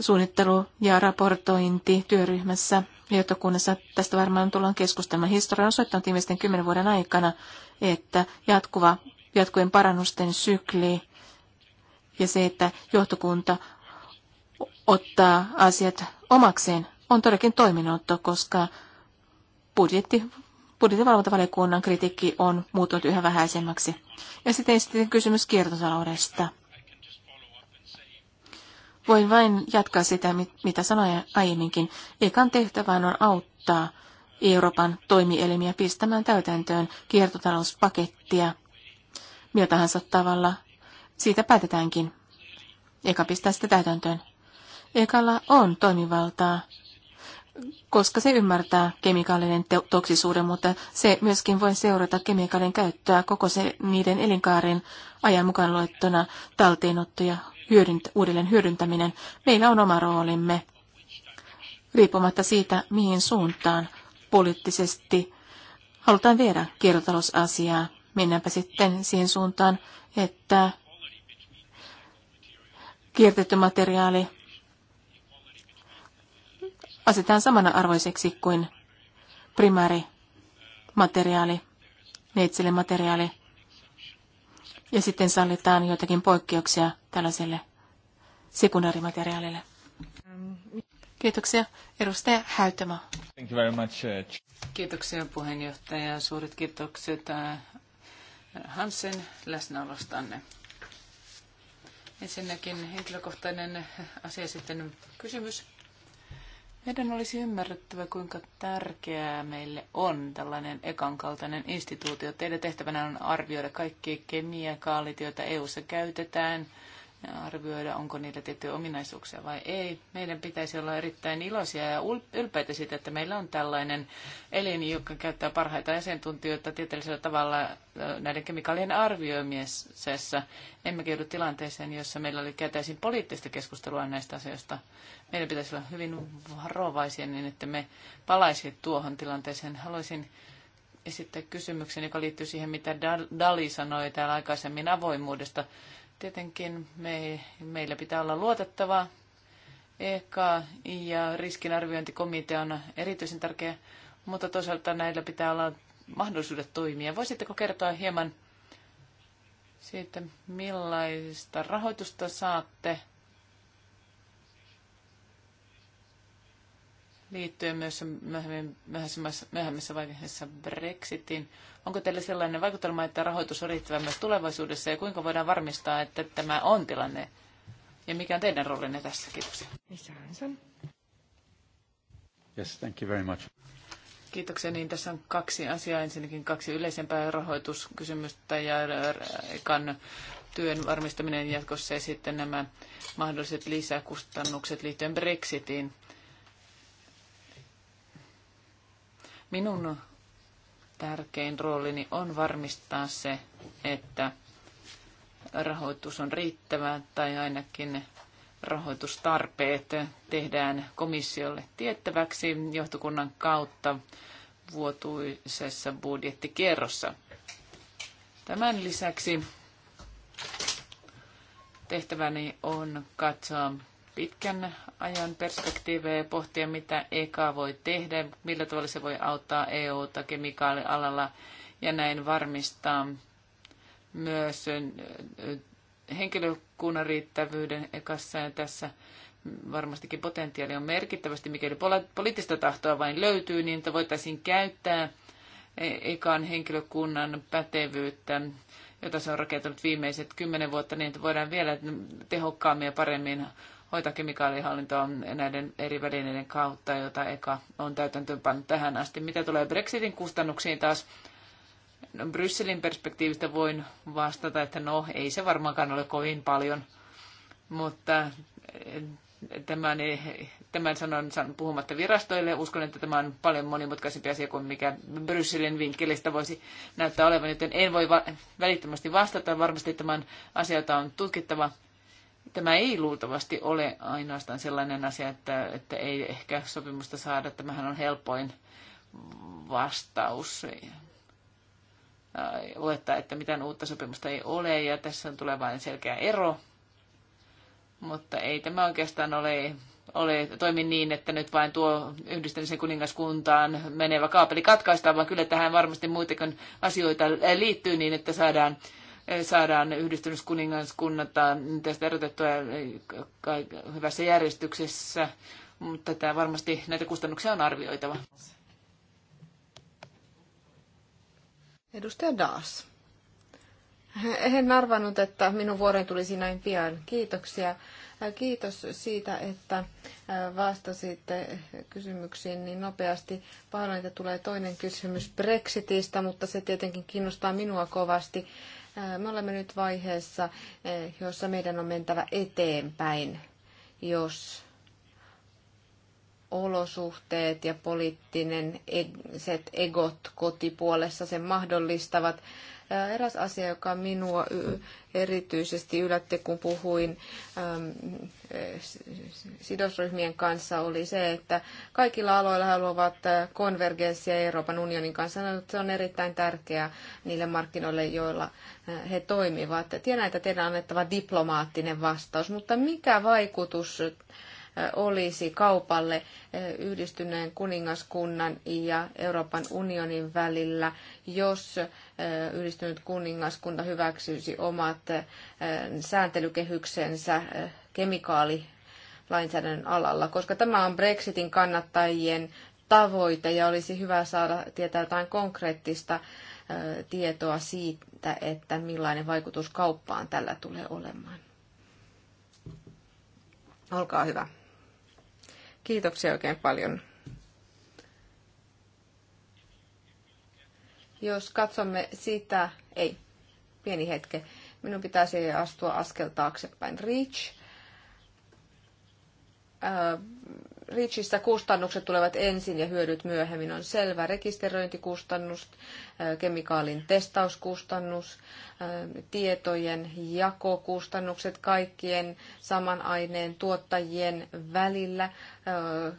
Speaker 2: suunnittelu- ja raportointi työryhmässä johtokunnassa. Tästä varmaan tullaan keskustelemaan. Historia on osoittanut viimeisten kymmenen vuoden aikana, että jatkuva, jatkuen parannusten sykli ja se, että johtokunta ottaa asiat omakseen, on todellakin toiminnotto, koska budjetti, budjettivalvontavaliokunnan kritiikki on muuttunut yhä vähäisemmäksi. Ja sitten sitten kysymys kiertotaloudesta. Voin vain jatkaa sitä, mitä sanoin aiemminkin. Ekan tehtävän on auttaa Euroopan toimielimiä pistämään täytäntöön kiertotalouspakettia millä tahansa tavalla siitä päätetäänkin. Eka pistää sitä täytäntöön. Ekalla on toimivaltaa, koska se ymmärtää kemikaalinen toksisuuden, mutta se myöskin voi seurata kemikaalin käyttöä koko se niiden elinkaaren ajan mukaan luettuna talteenotto ja hyödynt- uudelleen hyödyntäminen. Meillä on oma roolimme, riippumatta siitä, mihin suuntaan poliittisesti halutaan viedä kiertotalousasiaa. Mennäänpä sitten siihen suuntaan, että kiertetty materiaali asetetaan samana arvoiseksi kuin primääri materiaali, neitselle Ja sitten sallitaan joitakin poikkeuksia tällaiselle sekundaarimateriaalille. Kiitoksia. Edustaja Häytämä.
Speaker 3: Thank you very much. Uh, Kiitoksia puheenjohtaja. Suuret kiitokset uh, Hansen läsnäolostanne. Ensinnäkin henkilökohtainen asia sitten kysymys. Meidän olisi ymmärrettävä, kuinka tärkeää meille on tällainen ekan kaltainen instituutio. Teidän tehtävänä on arvioida kaikki kemiakaalit, joita EU-ssa käytetään – arvioida, onko niillä tiettyjä ominaisuuksia vai ei. Meidän pitäisi olla erittäin iloisia ja ylpeitä siitä, että meillä on tällainen elin, joka käyttää parhaita asiantuntijoita tieteellisellä tavalla näiden kemikaalien arvioimisessa. Emmekä joudu tilanteeseen, jossa meillä oli käytäisiin poliittista keskustelua näistä asioista. Meidän pitäisi olla hyvin varovaisia niin, että me palaisi tuohon tilanteeseen. Haluaisin esittää kysymyksen, joka liittyy siihen, mitä Dali sanoi täällä aikaisemmin avoimuudesta Tietenkin me, meillä pitää olla luotettava EKA ja riskinarviointikomitea on erityisen tärkeä, mutta toisaalta näillä pitää olla mahdollisuudet toimia. Voisitteko kertoa hieman siitä, millaista rahoitusta saatte liittyen myös myöhemmässä vaiheessa Brexitin. Onko teillä sellainen vaikutelma, että rahoitus on riittävä myös tulevaisuudessa ja kuinka voidaan varmistaa, että tämä on tilanne? Ja mikä on teidän roolinne tässä? Kiitoksia. Yes, thank you very much. Kiitoksia. Niin tässä on kaksi asiaa. Ensinnäkin kaksi yleisempää rahoituskysymystä ja ekan työn varmistaminen jatkossa ja sitten nämä mahdolliset lisäkustannukset liittyen Brexitiin. Minun tärkein roolini on varmistaa se, että rahoitus on riittävä tai ainakin rahoitustarpeet tehdään komissiolle tiettäväksi johtokunnan kautta vuotuisessa budjettikierrossa. Tämän lisäksi tehtäväni on katsoa pitkän ajan perspektiivejä ja pohtia, mitä EK voi tehdä, millä tavalla se voi auttaa EU-ta kemikaalialalla ja näin varmistaa myös eh, henkilökunnan riittävyyden ekassa ja tässä varmastikin potentiaali on merkittävästi, mikäli poliittista tahtoa vain löytyy, niin että voitaisiin käyttää ekan henkilökunnan pätevyyttä, jota se on rakentanut viimeiset kymmenen vuotta, niin että voidaan vielä tehokkaammin ja paremmin hoitaa kemikaalihallintoa näiden eri välineiden kautta, jota EKA on täytäntöönpannut tähän asti. Mitä tulee Brexitin kustannuksiin taas, no Brysselin perspektiivistä voin vastata, että no ei se varmaankaan ole kovin paljon, mutta eh, tämän, eh, tämän sanon, sanon puhumatta virastoille. Uskon, että tämä on paljon monimutkaisempi asia kuin mikä Brysselin vinkkelistä voisi näyttää olevan, joten en voi va- välittömästi vastata. Varmasti tämän asioita on tutkittava Tämä ei luultavasti ole ainoastaan sellainen asia, että, että ei ehkä sopimusta saada. Tämähän on helpoin vastaus äh, olettaa, että mitään uutta sopimusta ei ole ja tässä on vain selkeä ero. Mutta ei tämä oikeastaan ole, ole toimi niin, että nyt vain tuo yhdistämisen kuningaskuntaan menevä kaapeli katkaistaan, vaan kyllä tähän varmasti muitakin asioita liittyy niin, että saadaan saadaan yhdistymiskuningaskunnat tästä erotettua hyvässä järjestyksessä, mutta tämä varmasti näitä kustannuksia on arvioitava. Edustaja Daas.
Speaker 1: En arvannut, että minun vuoreen tulisi näin pian. Kiitoksia. Kiitos siitä, että vastasitte kysymyksiin niin nopeasti. Pahoin, että tulee toinen kysymys Brexitistä, mutta se tietenkin kiinnostaa minua kovasti. Me olemme nyt vaiheessa, jossa meidän on mentävä eteenpäin, jos olosuhteet ja poliittiset e-, egot kotipuolessa sen mahdollistavat. Eräs asia, joka minua erityisesti yllätti, kun puhuin e, sidosryhmien kanssa, oli se, että kaikilla aloilla haluavat konvergenssia Euroopan unionin kanssa. No, se on erittäin tärkeää niille markkinoille, joilla he toimivat. Tiedän, että teidän on annettava diplomaattinen vastaus, mutta mikä vaikutus olisi kaupalle eh, yhdistyneen kuningaskunnan ja Euroopan unionin välillä, jos eh, yhdistynyt kuningaskunta hyväksyisi omat eh, sääntelykehyksensä kemikaalilainsäädännön alalla, koska tämä on Brexitin kannattajien tavoite ja olisi hyvä saada tietää jotain konkreettista tietoa siitä, että millainen vaikutus kauppaan tällä tulee olemaan. Olkaa hyvä. Kiitoksia oikein paljon. Jos katsomme sitä, ei, pieni hetke, minun pitäisi astua askel taaksepäin. Reach Richissä kustannukset tulevat ensin ja hyödyt myöhemmin. On selvä rekisteröintikustannus, äh, kemikaalin testauskustannus, äh, tietojen jakokustannukset kaikkien saman aineen tuottajien välillä. Äh,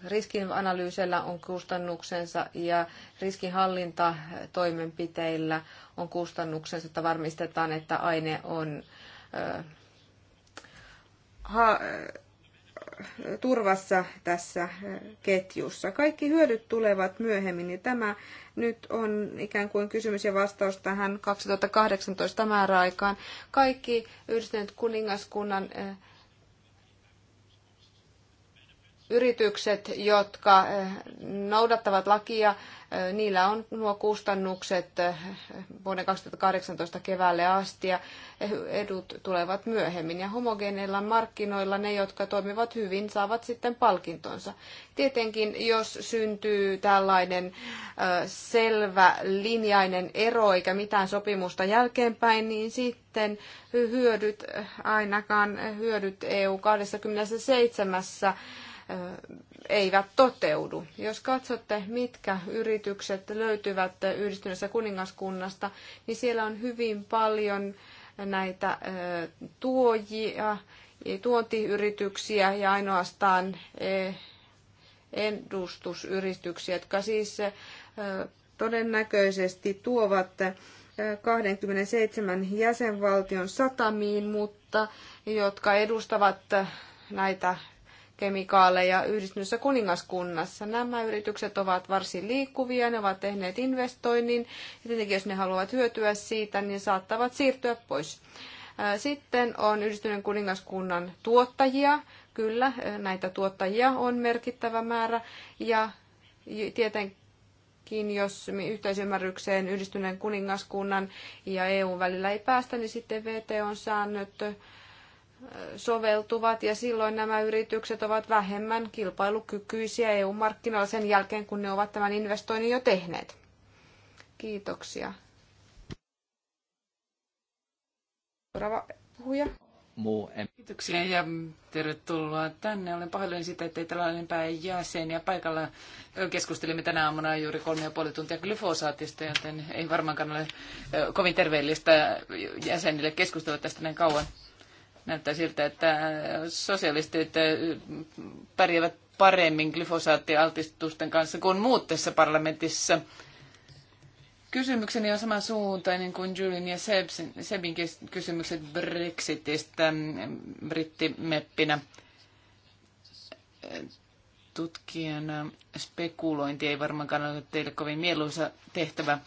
Speaker 1: Riskinanalyysellä on kustannuksensa ja riskinhallintatoimenpiteillä on kustannuksensa, että varmistetaan, että aine on ha- turvassa tässä äh, ketjussa. Kaikki hyödyt tulevat myöhemmin, ja tämä nyt on ikään kuin kysymys ja vastaus tähän 2018 määräaikaan. Kaikki yhdistyneet kuningaskunnan äh, yritykset, jotka eh, noudattavat lakia, eh, niillä on nuo kustannukset eh, vuonna 2018 keväälle asti ja edut tulevat myöhemmin. Ja homogeeneilla markkinoilla ne, jotka toimivat hyvin, saavat sitten palkintonsa. Tietenkin, jos syntyy tällainen selvä linjainen ero eikä mitään sopimusta jälkeenpäin, niin sitten hyödyt, ainakaan hyödyt EU 27 eivät toteudu. Jos katsotte, mitkä yritykset löytyvät yhdistyneessä kuningaskunnasta, niin siellä on hyvin paljon näitä tuojia, tuontiyrityksiä ja ainoastaan edustusyrityksiä, jotka siis todennäköisesti tuovat 27 jäsenvaltion satamiin, mutta jotka edustavat näitä kemikaaleja yhdistyneessä kuningaskunnassa. Nämä yritykset ovat varsin liikkuvia, ne ovat tehneet investoinnin ja tietenkin jos ne haluavat hyötyä siitä, niin saattavat siirtyä pois. Sitten on yhdistyneen kuningaskunnan tuottajia. Kyllä, näitä tuottajia on merkittävä määrä ja tietenkin jos yhteisymmärrykseen yhdistyneen kuningaskunnan ja EU välillä ei päästä, niin sitten VT on saanut soveltuvat ja silloin nämä yritykset ovat vähemmän kilpailukykyisiä EU-markkinoilla sen jälkeen, kun ne ovat tämän investoinnin jo tehneet. Kiitoksia.
Speaker 3: Seuraava puhuja. Kiitoksia ja tervetuloa tänne. Olen pahoillani sitä, että ei tällainen jäsen ja paikalla keskustelimme tänä aamuna juuri kolme ja puoli tuntia glyfosaatista, joten ei varmaankaan ole kovin terveellistä jäsenille keskustella tästä näin kauan näyttää siltä, että sosialistit pärjäävät paremmin glyfosaattialtistusten kanssa kuin muut tässä parlamentissa. Kysymykseni on sama suuntainen kuin Julin ja Sebsin, Sebin kysymykset Brexitistä brittimeppinä. Tutkijana spekulointi ei varmaankaan ole teille kovin mieluisa tehtävä,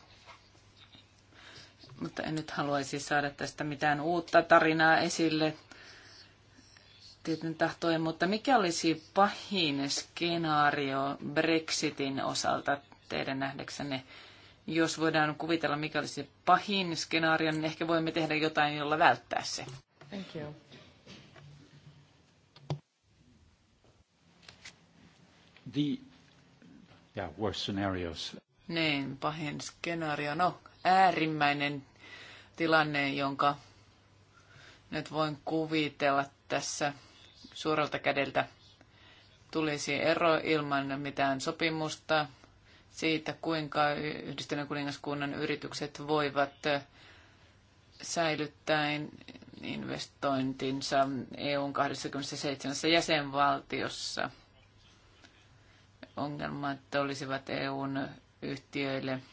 Speaker 3: mutta en nyt haluaisi saada tästä mitään uutta tarinaa esille tieten tahtoen, mutta mikä olisi pahin skenaario Brexitin osalta teidän nähdäksenne? Jos voidaan kuvitella, mikä olisi pahin skenaario, niin ehkä voimme tehdä jotain, jolla välttää se. Thank you. The yeah, worst scenarios. Niin, pahin skenaario. No, äärimmäinen tilanne, jonka nyt voin kuvitella tässä suoralta kädeltä tulisi ero ilman mitään sopimusta siitä, kuinka yhdistyneen kuningaskunnan yritykset voivat säilyttää investointinsa EUn 27 jäsenvaltiossa. Ongelmat olisivat EUn yhtiöille –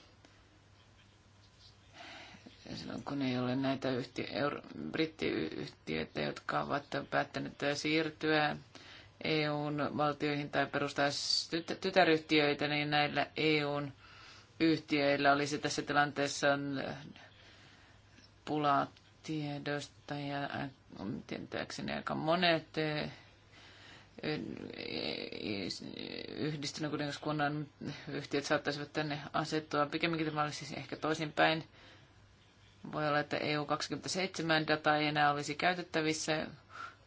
Speaker 3: silloin kun ei ole näitä yhti- euro- brittiyhtiöitä, jotka ovat päättäneet siirtyä eu valtioihin tai perustaa tytäryhtiöitä, niin näillä eu yhtiöillä olisi tässä tilanteessa pulaa tiedosta ja äh, tietääkseni aika monet äh, yhdistyneen kuningaskunnan yhtiöt saattaisivat tänne asettua. Pikemminkin tämä olisi siis ehkä toisinpäin. Voi olla, että EU27 data ei enää olisi käytettävissä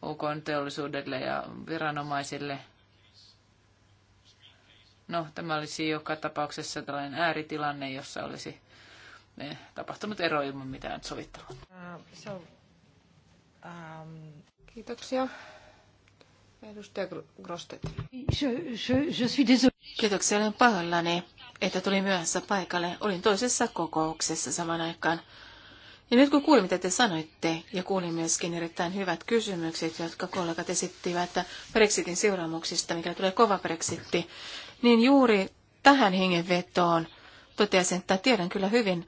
Speaker 3: UK-teollisuudelle ja viranomaisille. No, tämä olisi joka tapauksessa tällainen ääritilanne, jossa olisi eh, tapahtunut ero ilman mitään sovittelua.
Speaker 1: Uh, so, um... Kiitoksia. Edustaja Grostet.
Speaker 2: Je, je, je suis désolé. Kiitoksia, olen pahoillani, että tulin myöhässä paikalle. Olin toisessa kokouksessa saman aikaan. Ja nyt kun kuulin, mitä te sanoitte, ja kuulin myöskin erittäin hyvät kysymykset, jotka kollegat esittivät Brexitin seuraamuksista, mikä tulee kova Brexitti, niin juuri tähän hengenvetoon toteaisin, että tiedän kyllä hyvin,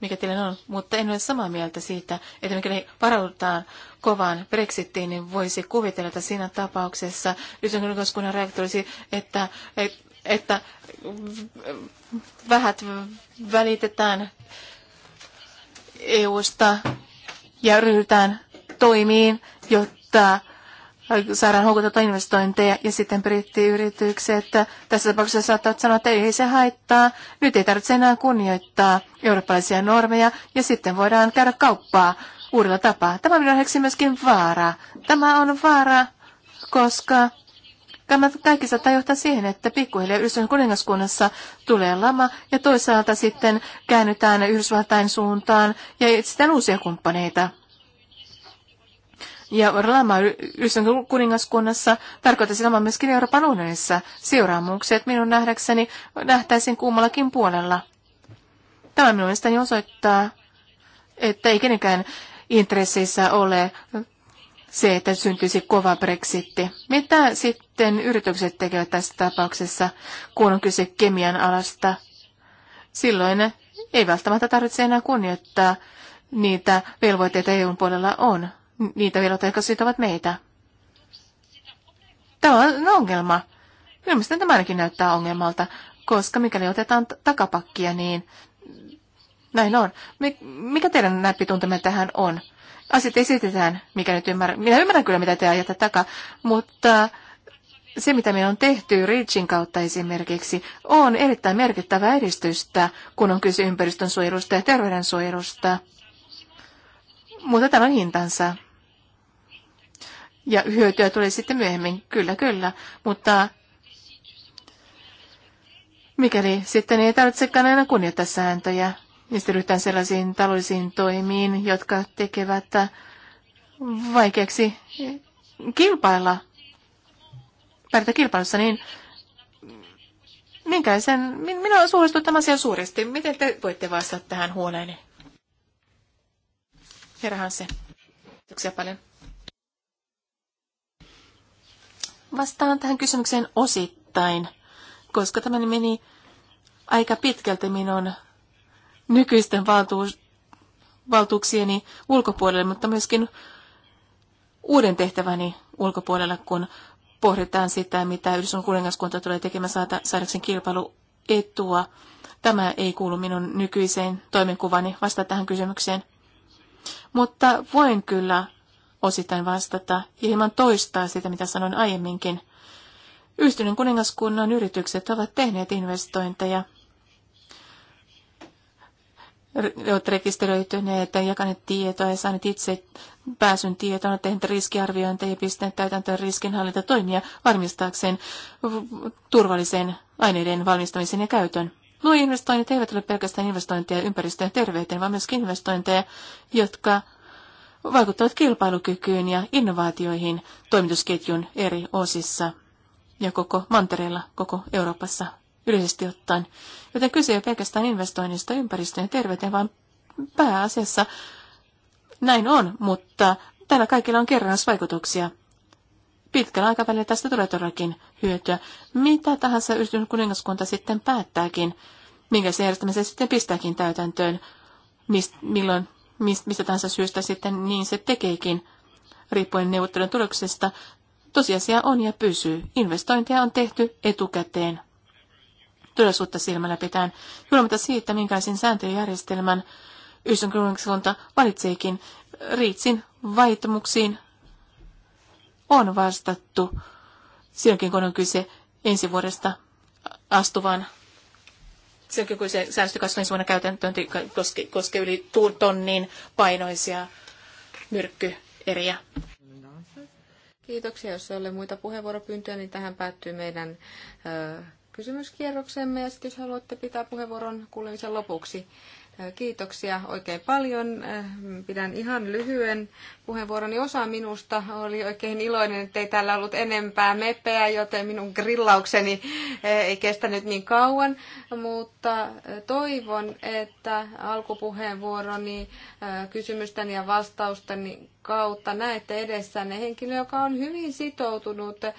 Speaker 2: mikä teillä on, mutta en ole samaa mieltä siitä, että mikäli varaudutaan kovaan Brexittiin, niin voisi kuvitella, että siinä tapauksessa yhdyskunnan reaktio olisi, että, että vähät välitetään EU-sta ja ryhdytään toimiin, jotta saadaan houkuteltua investointeja ja sitten brittiyritykset. Tässä tapauksessa saattavat sanoa, että ei se haittaa. Nyt ei tarvitse enää kunnioittaa eurooppalaisia normeja ja sitten voidaan käydä kauppaa uudella tapaa. Tämä on myöskin vaara. Tämä on vaara, koska Tämä kaikki saattaa johtaa siihen, että pikkuhiljaa Yhdysvaltain kuningaskunnassa tulee lama ja toisaalta sitten käännytään Yhdysvaltain suuntaan ja etsitään uusia kumppaneita. Ja lama Yhdysvaltain kuningaskunnassa tarkoittaisi lama myöskin Euroopan unionissa. Seuraamukset minun nähdäkseni nähtäisiin kummallakin puolella. Tämä minun mielestäni osoittaa, että ei kenenkään intresseissä ole se, että syntyisi kova breksitti. Mitä sitten yritykset tekevät tässä tapauksessa, kun on kyse kemian alasta? Silloin ei välttämättä tarvitse enää kunnioittaa niitä velvoitteita EUn puolella on. Niitä velvoitteita, jotka sitovat meitä. Tämä on ongelma. Ilmeisesti tämä ainakin näyttää ongelmalta, koska mikäli otetaan takapakkia, niin näin on. Mikä teidän näppituntemme tähän on? asiat esitetään, mikä nyt ymmärrän. Minä ymmärrän kyllä, mitä te ajatte takaa, mutta se, mitä me on tehty REACHin kautta esimerkiksi, on erittäin merkittävä edistystä, kun on kyse ympäristönsuojelusta ja terveydensuojelusta. Mutta tämä on hintansa. Ja hyötyä tulee sitten myöhemmin, kyllä, kyllä. Mutta mikäli sitten ei tarvitsekaan aina kunnioittaa sääntöjä, sitten ryhdytään sellaisiin taloudellisiin toimiin, jotka tekevät vaikeaksi kilpailla, pärjätä kilpailussa, niin minkälaisen, minä olen suurestunut tämän asian suuresti. Miten te voitte vastata tähän huoleeni? Herra Hansen, kiitoksia paljon. Vastaan tähän kysymykseen osittain, koska tämä meni aika pitkälti minun nykyisten valtuus, valtuuksieni ulkopuolelle, mutta myöskin uuden tehtäväni ulkopuolelle, kun pohditaan sitä, mitä Yhdysvallan kuningaskunta tulee tekemään saada, saadakseen kilpailuetua. Tämä ei kuulu minun nykyiseen toimenkuvani vastata tähän kysymykseen. Mutta voin kyllä osittain vastata ja hieman toistaa sitä, mitä sanoin aiemminkin. Yhtyneen kuningaskunnan yritykset ovat tehneet investointeja Olet rekisteröityneet ja jakaneet tietoa ja saaneet itse pääsyn tietoon, olet tehnyt riskiarviointeja ja pistäneet täytäntöön riskinhallintatoimia varmistaakseen turvallisen aineiden valmistamisen ja käytön. Nuo investoinnit eivät ole pelkästään investointeja ympäristöön ja terveyteen, vaan myöskin investointeja, jotka vaikuttavat kilpailukykyyn ja innovaatioihin toimitusketjun eri osissa ja koko mantereella, koko Euroopassa yleisesti ottaen. Joten kyse ei pelkästään investoinnista ympäristöön ja terveyteen, vaan pääasiassa näin on, mutta tällä kaikilla on kerrannusvaikutuksia. Pitkällä aikavälillä tästä tulee todellakin hyötyä. Mitä tahansa yhdistynyt kuningaskunta sitten päättääkin, minkä se järjestämisen sitten pistääkin täytäntöön, mist, milloin, mist, mistä tahansa syystä sitten niin se tekeekin, riippuen neuvottelun tuloksesta. Tosiasia on ja pysyy. Investointia on tehty etukäteen todellisuutta silmällä pitäen, huolimatta siitä, minkälaisen sääntöjärjestelmän yhdistyskunta valitseekin. Riitsin vaihtomuksiin on vastattu silläkin, kun on kyse ensi vuodesta astuvan silloinkin, kun se säästökasvu ensi vuonna käytäntöön koskee koske yli tonnin painoisia myrkkyeriä.
Speaker 1: Kiitoksia. Jos ei ole muita puheenvuoropyyntöjä, niin tähän päättyy meidän kysymyskierroksemme ja sitten jos haluatte pitää puheenvuoron kuulemisen lopuksi. Eh, kiitoksia oikein paljon. Eh, pidän ihan lyhyen puheenvuoroni. Osa minusta oli oikein iloinen, että ei täällä ollut enempää mepeä, joten minun grillaukseni eh, ei kestänyt niin kauan. Mutta toivon, että alkupuheenvuoroni kysymysten ja vastausten kautta näette edessänne henkilö, joka on hyvin sitoutunut eh,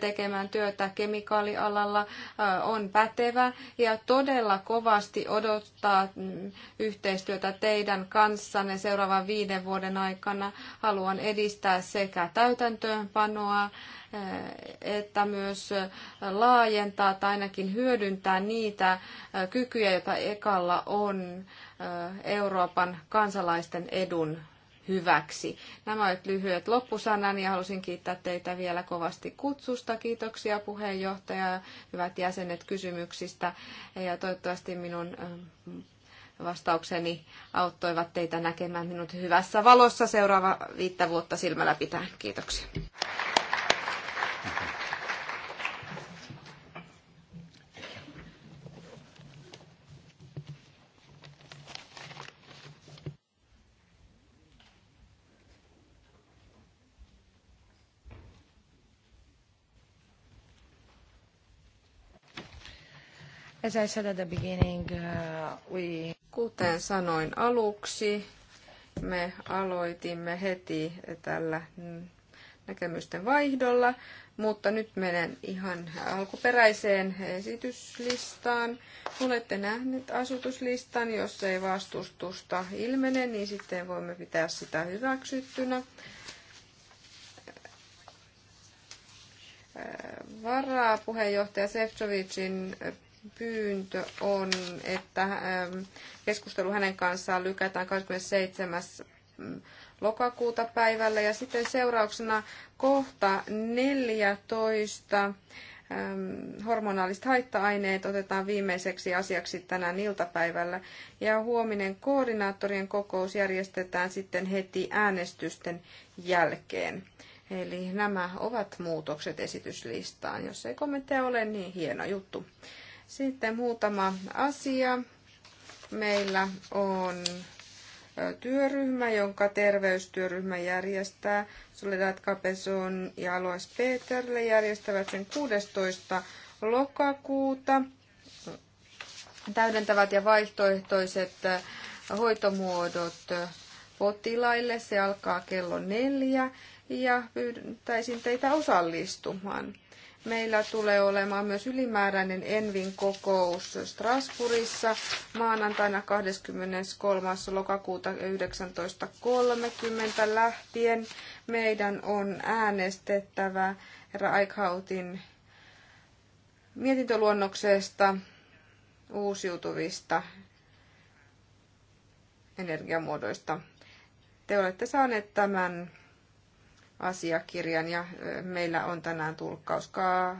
Speaker 1: tekemään työtä kemikaalialalla, eh, on pätevä ja todella kovasti odottaa mm, yhteistyötä teidän kanssanne seuraavan viiden vuoden aikana. Haluan edistää sekä täytäntöönpanoa, eh, että myös laajentaa tai ainakin hyödyntää niitä kykyjä, joita ekalla on Euroopan kansalaisten edun hyväksi. Nämä ovat lyhyet loppusanani ja halusin kiittää teitä vielä kovasti kutsusta. Kiitoksia puheenjohtaja, hyvät jäsenet kysymyksistä ja toivottavasti minun ähm, vastaukseni auttoivat teitä näkemään minut hyvässä valossa seuraava viittä vuotta silmällä pitää. Kiitoksia. As I said at the beginning, uh, we... Kuten sanoin aluksi, me aloitimme heti tällä näkemysten vaihdolla, mutta nyt menen ihan alkuperäiseen esityslistaan. Olette nähneet asutuslistan, jos ei vastustusta ilmene, niin sitten voimme pitää sitä hyväksyttynä. Äh, puheenjohtaja Sefcovicin pyyntö on, että ähm, keskustelu hänen kanssaan lykätään 27. Mm, lokakuuta päivällä ja sitten seurauksena kohta 14 ähm, hormonaaliset haitta-aineet otetaan viimeiseksi asiaksi tänään iltapäivällä ja huominen koordinaattorien kokous järjestetään sitten heti äänestysten jälkeen. Eli nämä ovat muutokset esityslistaan. Jos ei kommentteja ole, niin hieno juttu. Sitten muutama asia. Meillä on työryhmä, jonka terveystyöryhmä järjestää. Soledad Capeson ja Alois Peterle järjestävät sen 16. lokakuuta. Täydentävät ja vaihtoehtoiset hoitomuodot potilaille. Se alkaa kello neljä ja pyytäisin teitä osallistumaan. Meillä tulee olemaan myös ylimääräinen Envin kokous Strasbourgissa maanantaina 23. lokakuuta 19.30 lähtien. Meidän on äänestettävä herra Eichhautin mietintöluonnoksesta uusiutuvista energiamuodoista. Te olette saaneet tämän asiakirjan ja meillä on tänään tulkkauskaa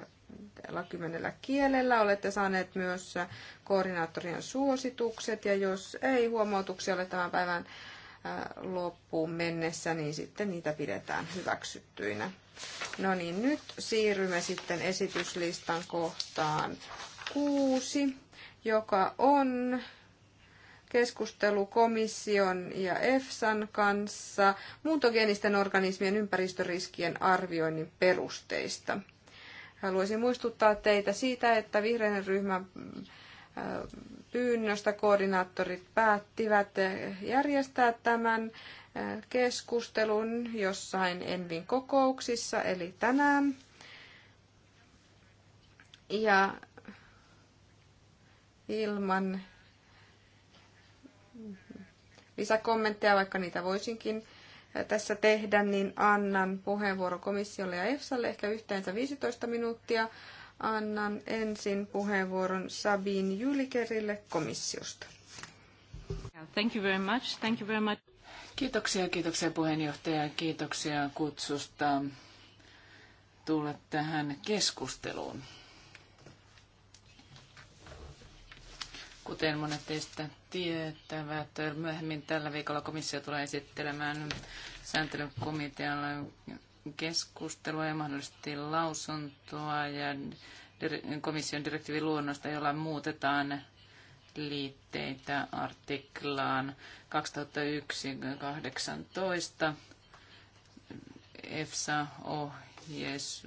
Speaker 1: tällä kymmenellä kielellä. Olette saaneet myös koordinaattorien suositukset ja jos ei huomautuksia ole tämän päivän loppuun mennessä, niin sitten niitä pidetään hyväksyttyinä. No niin, nyt siirrymme sitten esityslistan kohtaan kuusi, joka on keskustelu komission ja EFSAn kanssa muuntogeenisten organismien ympäristöriskien arvioinnin perusteista. Haluaisin muistuttaa teitä siitä, että vihreän ryhmän äh, pyynnöstä koordinaattorit päättivät äh, järjestää tämän äh, keskustelun jossain Envin kokouksissa, eli tänään. Ja ilman lisäkommentteja, vaikka niitä voisinkin tässä tehdä, niin annan puheenvuoro komissiolle ja EFSAlle ehkä yhteensä 15 minuuttia. Annan ensin puheenvuoron Sabine Julikerille komissiosta.
Speaker 2: Thank you very much. Thank you very much.
Speaker 3: Kiitoksia, kiitoksia puheenjohtaja. Kiitoksia kutsusta tulla tähän keskusteluun. Kuten monet teistä tietävät. Myöhemmin tällä viikolla komissio tulee esittelemään sääntelykomitealla keskustelua ja mahdollisesti lausuntoa ja komission direktiiviluonnosta, jolla muutetaan liitteitä artiklaan 2001-18 EFSA-ohjelmasta ohjeis,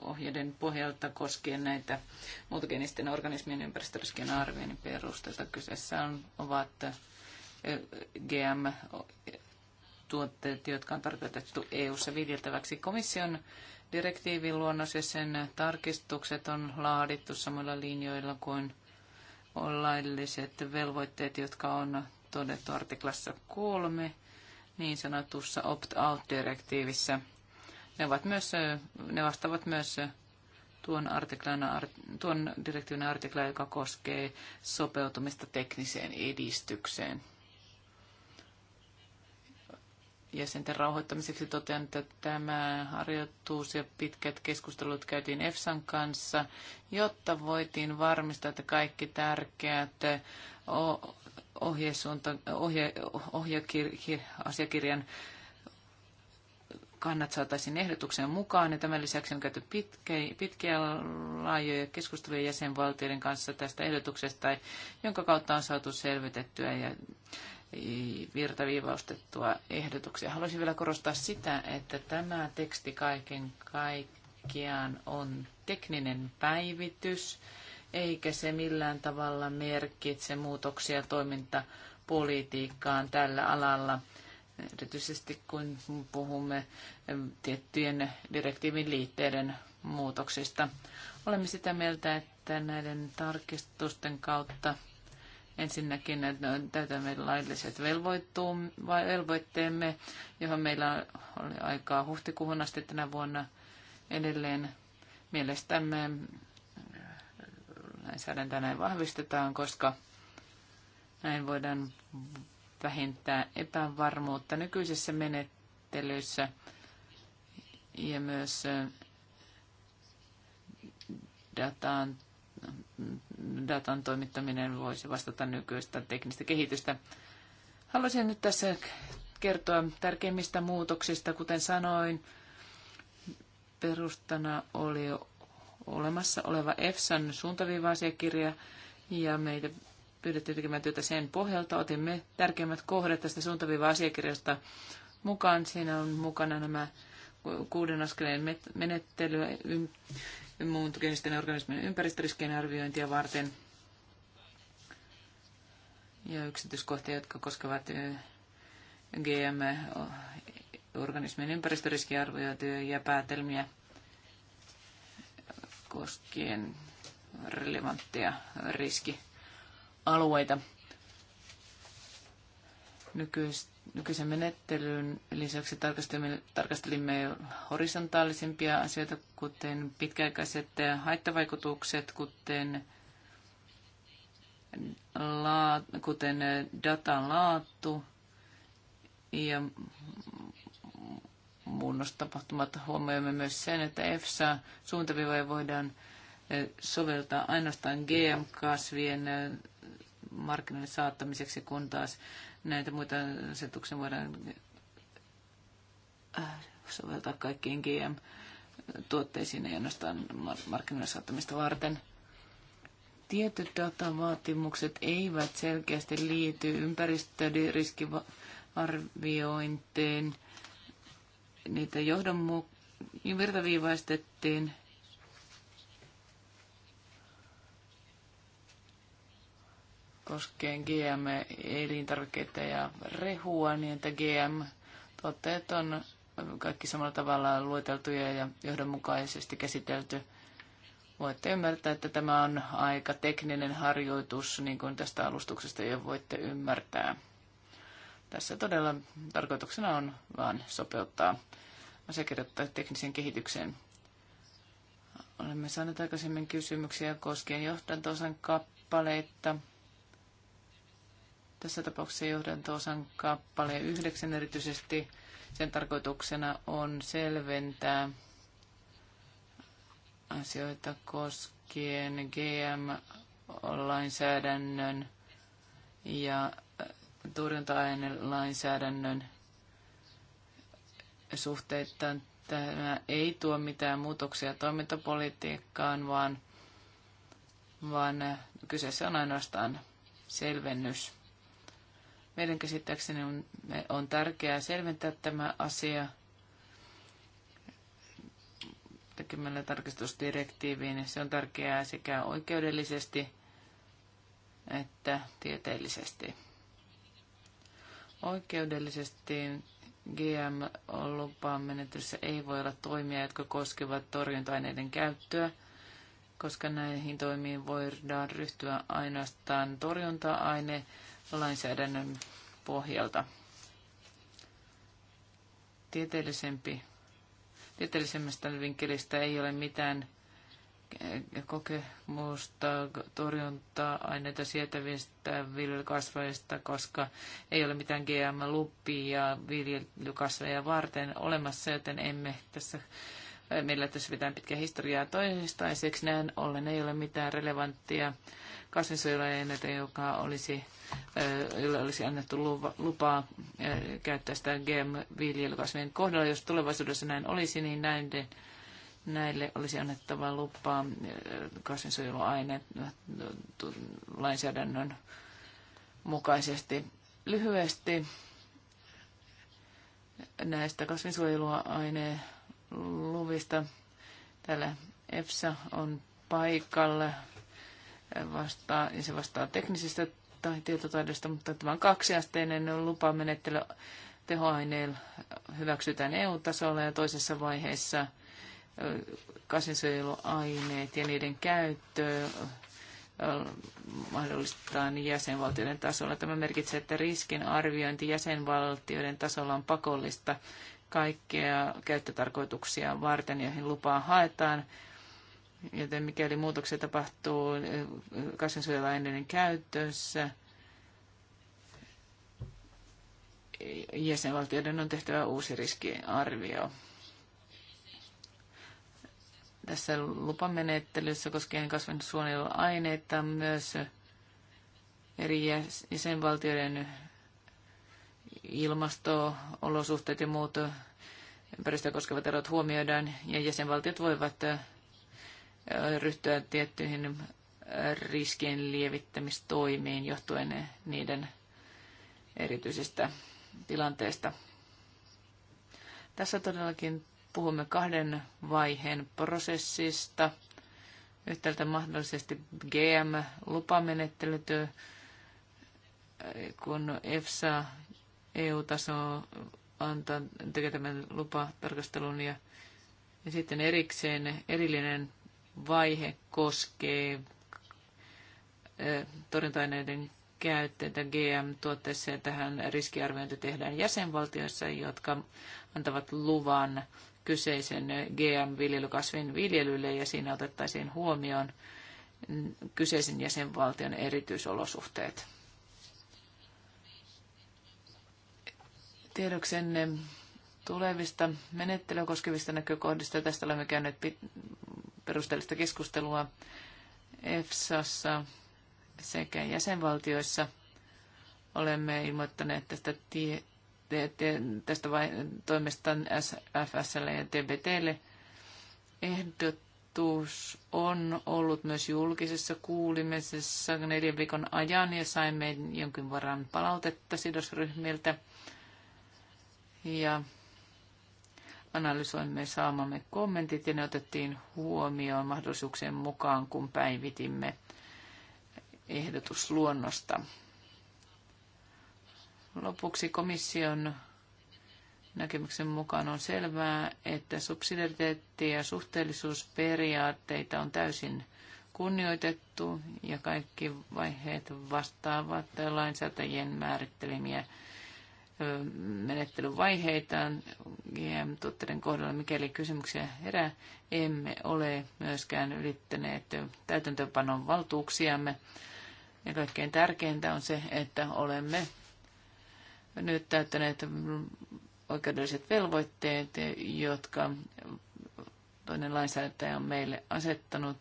Speaker 3: ohjeiden pohjalta koskien näitä muutogeenisten organismien ympäristöriskien arvioinnin perusteita. Kyseessä on, ovat GM-tuotteet, jotka on tarkoitettu EU-ssa viljeltäväksi. Komission direktiivin luonnos ja sen tarkistukset on laadittu samoilla linjoilla kuin lailliset velvoitteet, jotka on todettu artiklassa kolme niin sanotussa opt-out-direktiivissä – ne, ovat myös, ne vastaavat myös tuon, artiklan, tuon direktiivin artiklaa, joka koskee sopeutumista tekniseen edistykseen. Jäsenten rauhoittamiseksi totean, että tämä harjoitus ja pitkät keskustelut käytiin EFSAn kanssa, jotta voitiin varmistaa, että kaikki tärkeät ohjesuunta, ohje, ohjekir, asiakirjan kannat saataisiin ehdotuksen mukaan. Ja tämän lisäksi on käyty pitkä, pitkiä laajoja keskusteluja jäsenvaltioiden kanssa tästä ehdotuksesta, jonka kautta on saatu selvitettyä ja virtaviivaustettua ehdotuksia. Haluaisin vielä korostaa sitä, että tämä teksti kaiken kaikkiaan on tekninen päivitys, eikä se millään tavalla merkitse muutoksia toimintapolitiikkaan tällä alalla – erityisesti kun puhumme tiettyjen direktiivin liitteiden muutoksista. Olemme sitä mieltä, että näiden tarkistusten kautta ensinnäkin täytämme lailliset velvoitteemme, johon meillä oli aikaa huhtikuuhun asti tänä vuonna edelleen. Mielestämme lainsäädäntöä näin vahvistetaan, koska näin voidaan vähentää epävarmuutta nykyisessä menettelyssä ja myös datan, datan toimittaminen voisi vastata nykyistä teknistä kehitystä. Haluaisin nyt tässä kertoa tärkeimmistä muutoksista. Kuten sanoin, perustana oli olemassa oleva EFSAn suuntaviiva-asiakirja ja meitä pyydettiin tekemään työtä sen pohjalta. Otimme tärkeimmät kohdat tästä suuntaviiva-asiakirjasta mukaan. Siinä on mukana nämä kuuden askeleen menettely, muuntogenisten organismien ympäristöriskien arviointia varten ja yksityiskohtia, jotka koskevat GM-organismien ympäristöriskiarviointia ja päätelmiä koskien relevanttia riski alueita. nykyistä. nykyisen menettelyn lisäksi tarkastelimme, tarkastelimme horisontaalisempia asioita, kuten pitkäaikaiset haittavaikutukset, kuten, laa, kuten datan laatu ja muunnostapahtumat. Huomioimme myös sen, että EFSA suuntaviivoja voidaan eh, soveltaa ainoastaan GM-kasvien eh, markkinoille saattamiseksi, kun taas näitä muita asetuksia voidaan äh, soveltaa kaikkiin GM-tuotteisiin, ja ainoastaan markkinoille saattamista varten. Tietyt datavaatimukset eivät selkeästi liity ympäristöriskiarviointiin. Niitä johdonmu- virtaviivaistettiin koskien GM-elintarvikkeita ja rehua, niin että GM-tuotteet on kaikki samalla tavalla lueteltuja ja johdonmukaisesti käsitelty. Voitte ymmärtää, että tämä on aika tekninen harjoitus, niin kuin tästä alustuksesta jo voitte ymmärtää. Tässä todella tarkoituksena on vain sopeuttaa asiakirjoittaa tekniseen kehitykseen. Olemme saaneet aikaisemmin kysymyksiä koskien johdantosan kappaleita. Tässä tapauksessa johdanto-osan kappale 9 erityisesti sen tarkoituksena on selventää asioita koskien GM-lainsäädännön ja torjunta-ainelainsäädännön suhteita. Tämä ei tuo mitään muutoksia toimintapolitiikkaan, vaan, vaan kyseessä on ainoastaan selvennys. Meidän käsittääkseni on, on tärkeää selventää tämä asia tekemällä tarkistusdirektiiviin. Se on tärkeää sekä oikeudellisesti että tieteellisesti. Oikeudellisesti GM-lupaan menetyssä ei voi olla toimia, jotka koskevat torjunta-aineiden käyttöä, koska näihin toimiin voidaan ryhtyä ainoastaan torjunta aineen lainsäädännön pohjalta. Tieteellisempi, tieteellisemmästä vinkkelistä ei ole mitään kokemusta torjuntaa aineita sietävistä viljelykasveista, koska ei ole mitään gm luppia viljelykasveja varten olemassa, joten emme tässä Meillä tässä pitää pitkä historiaa toistaiseksi. Näin ollen ei ole mitään relevanttia kasvinsuojeluaineita, joka olisi, jolle olisi annettu lupaa käyttää sitä GM-viljelykasvien kohdalla. Jos tulevaisuudessa näin olisi, niin näin de, näille olisi annettava lupaa kasvinsuojeluaine lainsäädännön mukaisesti. Lyhyesti näistä kasvinsuojeluaineen luvista. Täällä EFSA on paikalla vastaa, ja se vastaa teknisistä tai tietotaidosta, mutta tämä on kaksiasteinen lupamenettely tehoaineilla hyväksytään EU-tasolla ja toisessa vaiheessa kasvinsuojeluaineet ja niiden käyttö mahdollistetaan jäsenvaltioiden tasolla. Tämä merkitsee, että riskin arviointi jäsenvaltioiden tasolla on pakollista kaikkea käyttötarkoituksia varten, joihin lupaa haetaan. Joten mikäli muutoksia tapahtuu eh, kasvinsuojeluaineiden käytössä, eh, jäsenvaltioiden on tehtävä uusi riskiarvio. Tässä lupamenettelyssä koskien kasvinsuojeluaineita myös eri jäsenvaltioiden ilmasto-olosuhteet ja muut ympäristöä koskevat erot huomioidaan ja jäsenvaltiot voivat ryhtyä tiettyihin riskien lievittämistoimiin johtuen niiden erityisistä tilanteista. Tässä todellakin puhumme kahden vaiheen prosessista. Yhtäältä mahdollisesti gm lupamenettelytyö kun EFSA EU-taso antaa tekee tämän lupatarkastelun ja, ja sitten erikseen erillinen vaihe koskee torjunta-aineiden käyttöitä GM-tuotteissa ja tähän riskiarviointi tehdään jäsenvaltioissa, jotka antavat luvan kyseisen GM-viljelykasvin viljelylle ja siinä otettaisiin huomioon kyseisen jäsenvaltion erityisolosuhteet. tiedoksenne tulevista menettelyä koskevista näkökohdista. Tästä olemme käyneet perusteellista keskustelua EFSAssa sekä jäsenvaltioissa. Olemme ilmoittaneet tästä, tie, te, te, tästä vai, toimesta SFSL ja TBTlle. Ehdotus on ollut myös julkisessa kuulimisessa neljän viikon ajan ja saimme jonkin varan palautetta sidosryhmiltä – ja analysoimme saamamme kommentit ja ne otettiin huomioon mahdollisuuksien mukaan, kun päivitimme ehdotusluonnosta. Lopuksi komission näkemyksen mukaan on selvää, että subsidiariteetti- ja suhteellisuusperiaatteita on täysin kunnioitettu ja kaikki vaiheet vastaavat lainsäätäjien määrittelemiä menettelyvaiheitaan GM-tuotteiden kohdalla, mikäli kysymyksiä herää. Emme ole myöskään ylittäneet täytäntöönpanon valtuuksiamme. Ja kaikkein tärkeintä on se, että olemme nyt täyttäneet oikeudelliset velvoitteet, jotka toinen lainsäätäjä on meille asettanut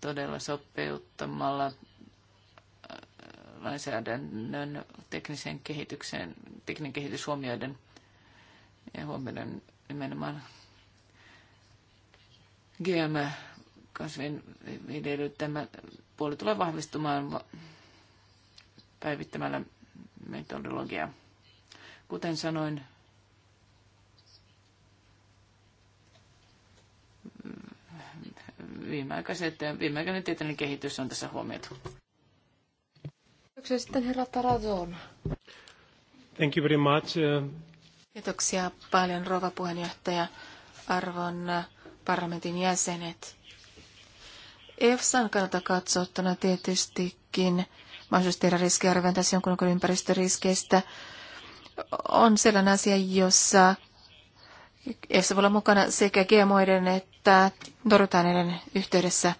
Speaker 3: todella sopeuttamalla lainsäädännön teknisen kehityksen, tekninen kehitys huomioiden ja huomioiden nimenomaan GM-kasvien viljely. puoli tulee vahvistumaan päivittämällä metodologiaa. Kuten sanoin, viimeaikaiset, viimeaikainen tieteellinen kehitys on tässä huomioitu.
Speaker 2: Kiitoksia sitten herra Tarazona.
Speaker 3: Thank you very much. Uh,
Speaker 2: Kiitoksia paljon rouva puheenjohtaja, arvon uh, parlamentin jäsenet. EFSAn kannalta katsottuna tietystikin mahdollisuus tehdä riskiarviointia tässä jonkun ympäristöriskeistä on sellainen asia, jossa EFSA voi olla mukana sekä GMOiden että torjunta yhteydessä.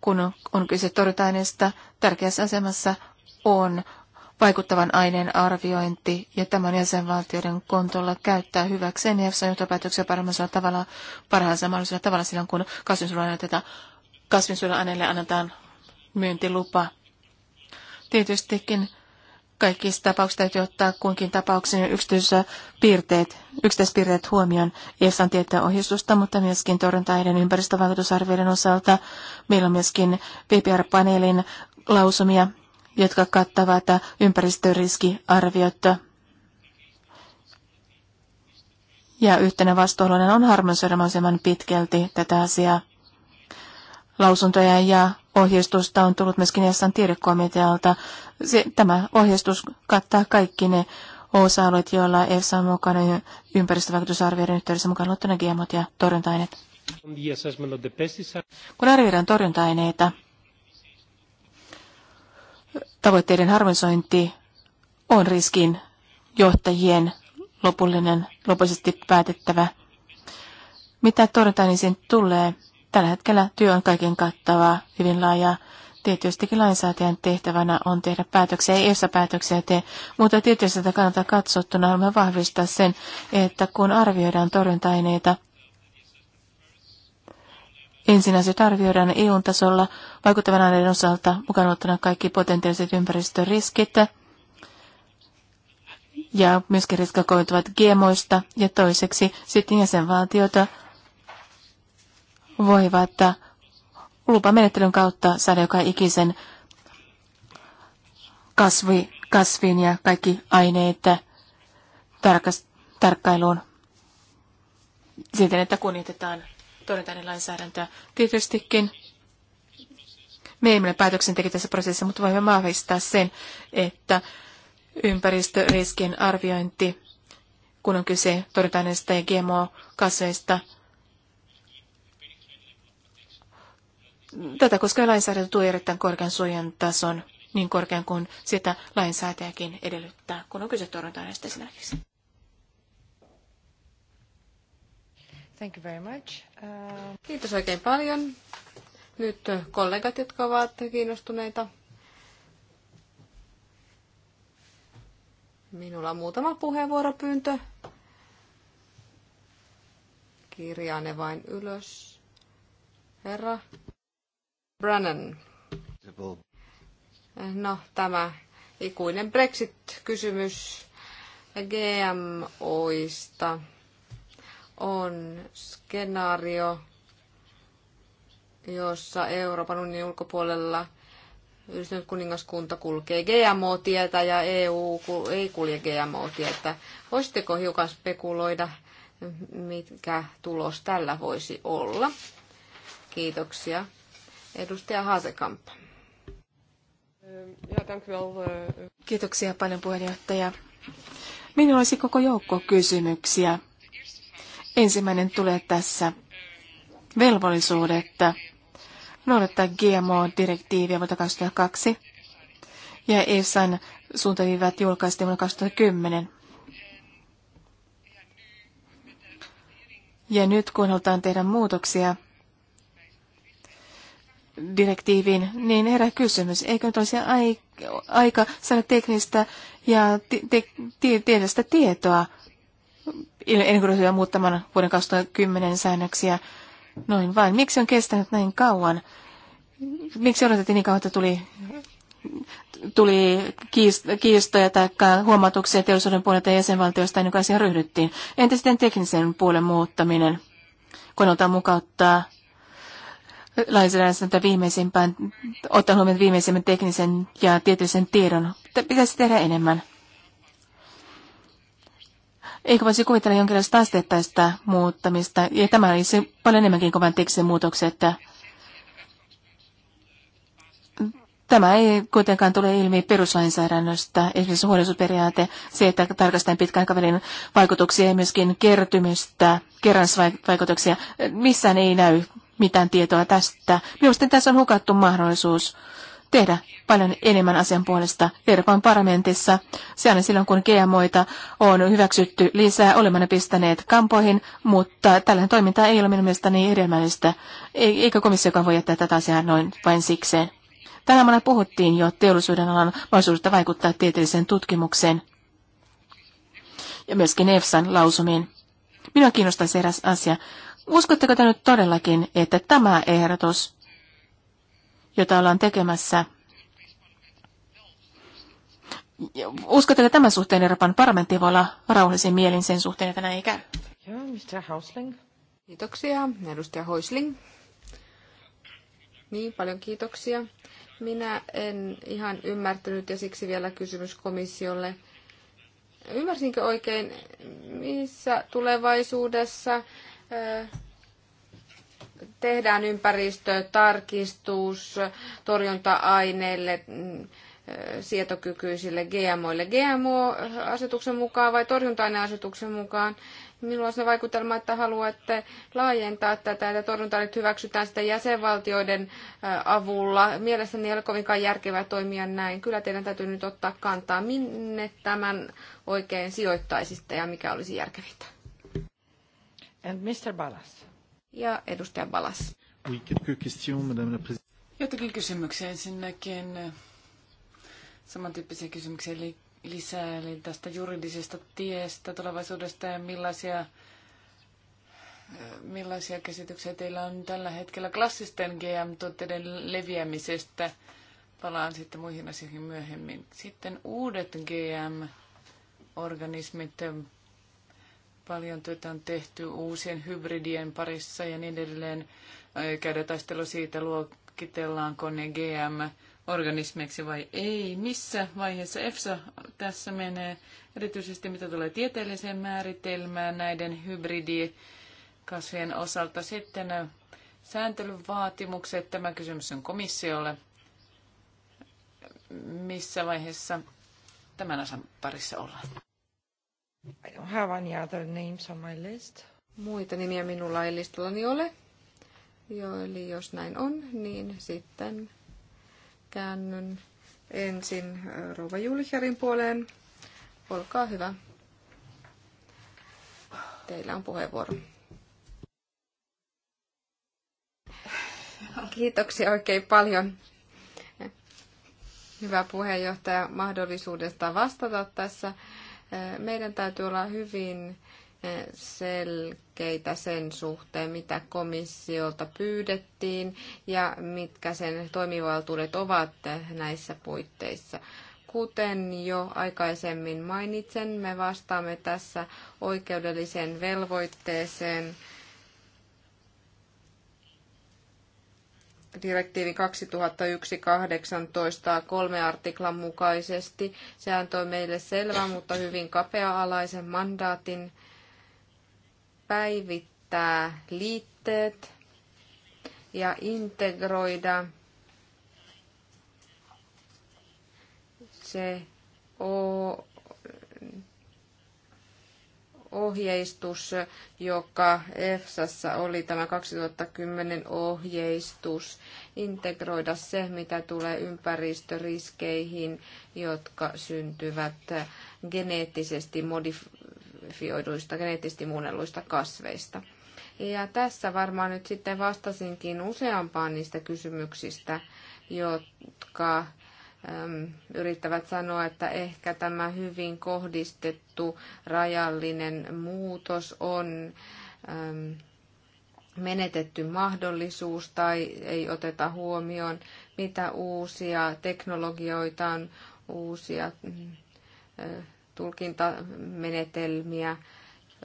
Speaker 2: Kun on kyse torjunta-aineista, tärkeässä asemassa on vaikuttavan aineen arviointi ja tämän jäsenvaltioiden kontolla käyttää hyväkseen EFSAn johtopäätöksiä parhaimmalla tavalla, parhaansa mahdollisella tavalla silloin, kun kasvinsuojeluaineille kasvinsuojeluaineille annetaan myyntilupa. Tietystikin kaikissa tapauksissa täytyy ottaa kunkin tapauksen yksityispiirteet, yksityispiirteet huomioon EFSAn tietää ohjeistusta, mutta myöskin torjuntaiden ympäristövaikutusarvioiden osalta. Meillä on myöskin PPR-paneelin lausumia jotka kattavat ympäristöriskiarviot. Ja yhtenä vastuullinen on harmonisoida pitkälti tätä asiaa. Lausuntoja ja ohjeistusta on tullut myöskin Jassan tiedekomitealta. Se, tämä ohjeistus kattaa kaikki ne osa-alueet, joilla EFSA on mukana ympäristövaikutusarvioiden yhteydessä mukaan luottuna ja torjunta-aineet. Kun arvioidaan torjunta-aineita, tavoitteiden harmonisointi on riskin johtajien lopullinen, lopullisesti päätettävä. Mitä torjuntaan niin tulee? Tällä hetkellä työ on kaiken kattavaa, hyvin laajaa. Tietystikin lainsäätäjän tehtävänä on tehdä päätöksiä, ei jossa päätöksiä tee, mutta tietysti sitä kannattaa katsottuna haluamme vahvistaa sen, että kun arvioidaan torjunta-aineita, Ensin asioita arvioidaan eu tasolla vaikuttavan aineiden osalta mukaan ottana kaikki potentiaaliset ympäristöriskit ja myöskin riskit koituvat GMOista ja toiseksi sitten jäsenvaltiota voivat lupamenettelyn kautta saada joka ikisen kasvi, kasvin ja kaikki aineet tarkas, tarkkailuun siten, että kunnitetaan torjuntainen lainsäädäntöä. Tietystikin me emme ole päätöksentekijä tässä prosessissa, mutta voimme vahvistaa sen, että ympäristöriskien arviointi, kun on kyse torjunta ja GMO-kasveista, tätä koskeva lainsäädäntö tuo erittäin korkean suojan tason, niin korkean kuin sitä lainsäätäjäkin edellyttää, kun on kyse torjunta-aineista esimerkiksi.
Speaker 1: Thank you very much. Uh... Kiitos oikein paljon. Nyt kollegat, jotka ovat kiinnostuneita. Minulla on muutama puheenvuoropyyntö. Kirjaa ne vain ylös. Herra Brennan. No, tämä ikuinen Brexit-kysymys GMOista on skenaario, jossa Euroopan unionin ulkopuolella yhdistynyt kuningaskunta kulkee GMO-tietä ja EU ei kulje GMO-tietä. Voisitteko hiukan spekuloida, mitkä tulos tällä voisi olla?
Speaker 2: Kiitoksia. Edustaja Haasekamp. Kiitoksia paljon puheenjohtaja. Minulla olisi koko joukko kysymyksiä Ensimmäinen tulee tässä velvollisuudet noudattaa GMO-direktiiviä vuonna 2002 ja ESAn suuntaviivät julkaistiin vuonna 2010. Ja nyt kun halutaan tehdä muutoksia direktiiviin, niin herää kysymys, eikö nyt olisi aika saada teknistä ja tieteellistä tietoa ennen kuin ryhtyä muuttamaan vuoden 2010 säännöksiä. Noin vain. Miksi on kestänyt näin kauan? Miksi odotettiin niin kauan, että tuli, tuli kiistoja tai huomautuksia teollisuuden puolelta ja jäsenvaltioista ennen kuin asiaan ryhdyttiin? Entä sitten teknisen puolen muuttaminen? Koneeltaan mukauttaa lainsäädännöstä viimeisimpään, ottaa huomioon viimeisimmän teknisen ja tieteellisen tiedon. Pitäisi tehdä enemmän. Eikö voisi kuvitella jonkinlaista asteittaista muuttamista? Ja tämä olisi paljon enemmänkin kuin vain tekstin että Tämä ei kuitenkaan tule ilmi peruslainsäädännöstä, esimerkiksi huolellisuusperiaate, se, että tarkastetaan pitkän aikavälin vaikutuksia ja myöskin kertymistä, kerransvaikutuksia. Missään ei näy mitään tietoa tästä. Mielestäni tässä on hukattu mahdollisuus tehdä paljon enemmän asian puolesta Euroopan parlamentissa. Se aina silloin, kun GMOita on hyväksytty lisää, olemme ne pistäneet kampoihin, mutta tällainen toiminta ei ole minun mielestäni niin hedelmällistä, e-, eikä komissiokaan voi jättää tätä asiaa noin vain sikseen. Tänä aamuna puhuttiin jo teollisuuden alan mahdollisuudesta vaikuttaa tieteelliseen tutkimukseen ja myöskin EFSAn lausumiin. Minua kiinnostaisi eräs asia. Uskotteko te nyt todellakin, että tämä ehdotus jota ollaan tekemässä. Uskotteko, että tämän suhteen Euroopan parlamentti voi olla rauhallisen mielin sen suhteen, että näin ei käy?
Speaker 1: Joo, Mr. Hausling. Kiitoksia, edustaja Hoisling. Niin, paljon kiitoksia. Minä en ihan ymmärtänyt ja siksi vielä kysymys komissiolle. Ymmärsinkö oikein, missä tulevaisuudessa tehdään ympäristötarkistus torjunta-aineille, mm, sietokykyisille GMOille. GMO-asetuksen mukaan vai torjunta-aineasetuksen mukaan? Minulla on se vaikutelma, että haluatte laajentaa tätä, että torjunta hyväksytään sitä jäsenvaltioiden avulla. Mielestäni ei ole kovinkaan järkevää toimia näin. Kyllä teidän täytyy nyt ottaa kantaa, minne tämän oikein sijoittaisitte
Speaker 3: ja mikä olisi järkevintä. And Mr. Ballas ja edustaja Balas. Jotakin kysymyksiä ensinnäkin. Samantyyppisiä kysymyksiä lisää, eli tästä juridisesta tiestä tulevaisuudesta ja millaisia, millaisia käsityksiä teillä on tällä hetkellä klassisten GM-tuotteiden leviämisestä. Palaan sitten muihin asioihin myöhemmin. Sitten uudet GM-organismit Paljon työtä on tehty uusien hybridien parissa ja niin edelleen. Käydä taistelu siitä, luokitellaanko ne GM-organismeiksi vai ei. Missä vaiheessa EFSA tässä menee? Erityisesti mitä tulee tieteelliseen määritelmään näiden hybridikasvien osalta. Sitten sääntelyvaatimukset Tämä kysymys on komissiolle. Missä vaiheessa tämän asian parissa ollaan? I
Speaker 1: don't have any other names on my list. Muita nimiä minulla ei listallani ole. Jo, eli jos näin on, niin sitten käännyn ensin Rouva Julicherin puoleen. Olkaa hyvä. Teillä on puheenvuoro. Kiitoksia oikein paljon. Hyvä puheenjohtaja mahdollisuudesta vastata tässä meidän täytyy olla hyvin eh, selkeitä sen suhteen, mitä komissiolta pyydettiin ja mitkä sen toimivaltuudet ovat näissä puitteissa. Kuten jo aikaisemmin mainitsen, me vastaamme tässä oikeudelliseen velvoitteeseen direktiivi 2001-18 kolme artiklan mukaisesti. Se antoi meille selvän, mutta hyvin kapea-alaisen mandaatin päivittää liitteet ja integroida se ohjeistus, joka EFSassa oli tämä 2010 ohjeistus, integroida se, mitä tulee ympäristöriskeihin, jotka syntyvät geneettisesti modifioiduista, geneettisesti muunnelluista kasveista. Ja tässä varmaan nyt sitten vastasinkin useampaan niistä kysymyksistä, jotka yrittävät sanoa, että ehkä tämä hyvin kohdistettu rajallinen muutos on menetetty mahdollisuus tai ei oteta huomioon, mitä uusia teknologioita on, uusia mm, tulkintamenetelmiä,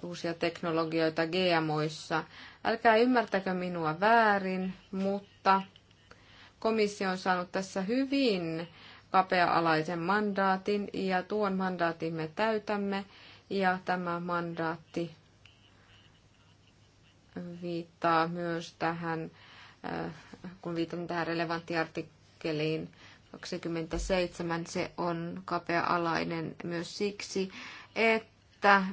Speaker 1: uusia teknologioita GMOissa. Älkää ymmärtäkö minua väärin, mutta komissio on saanut tässä hyvin kapea-alaisen mandaatin ja tuon mandaatin me täytämme ja tämä mandaatti viittaa myös tähän, äh, kun viitamme tähän relevanttiartikkeliin 27, se on kapea-alainen myös siksi, että että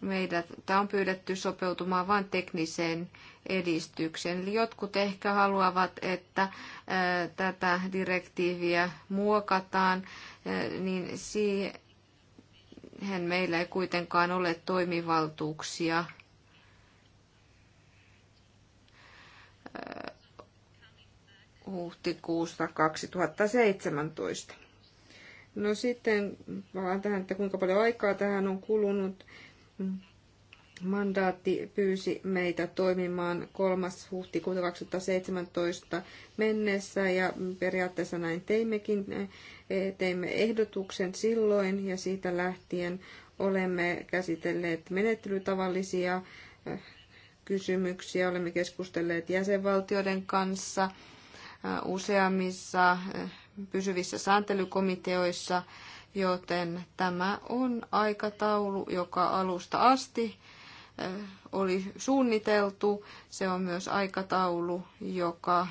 Speaker 1: meidät on pyydetty sopeutumaan vain tekniseen edistykseen. Eli jotkut ehkä haluavat, että tätä direktiiviä muokataan, niin siihen meillä ei kuitenkaan ole toimivaltuuksia. huhtikuusta 2017. No sitten vaan tähän, että kuinka paljon aikaa tähän on kulunut mandaatti pyysi meitä toimimaan 3. huhtikuuta 2017 mennessä ja periaatteessa näin teimmekin. Teimme ehdotuksen silloin ja siitä lähtien olemme käsitelleet menettelytavallisia eh, kysymyksiä, olemme keskustelleet jäsenvaltioiden kanssa eh, useammissa eh, pysyvissä sääntelykomiteoissa joten tämä on aikataulu, joka alusta asti oli suunniteltu. Se on myös aikataulu, joka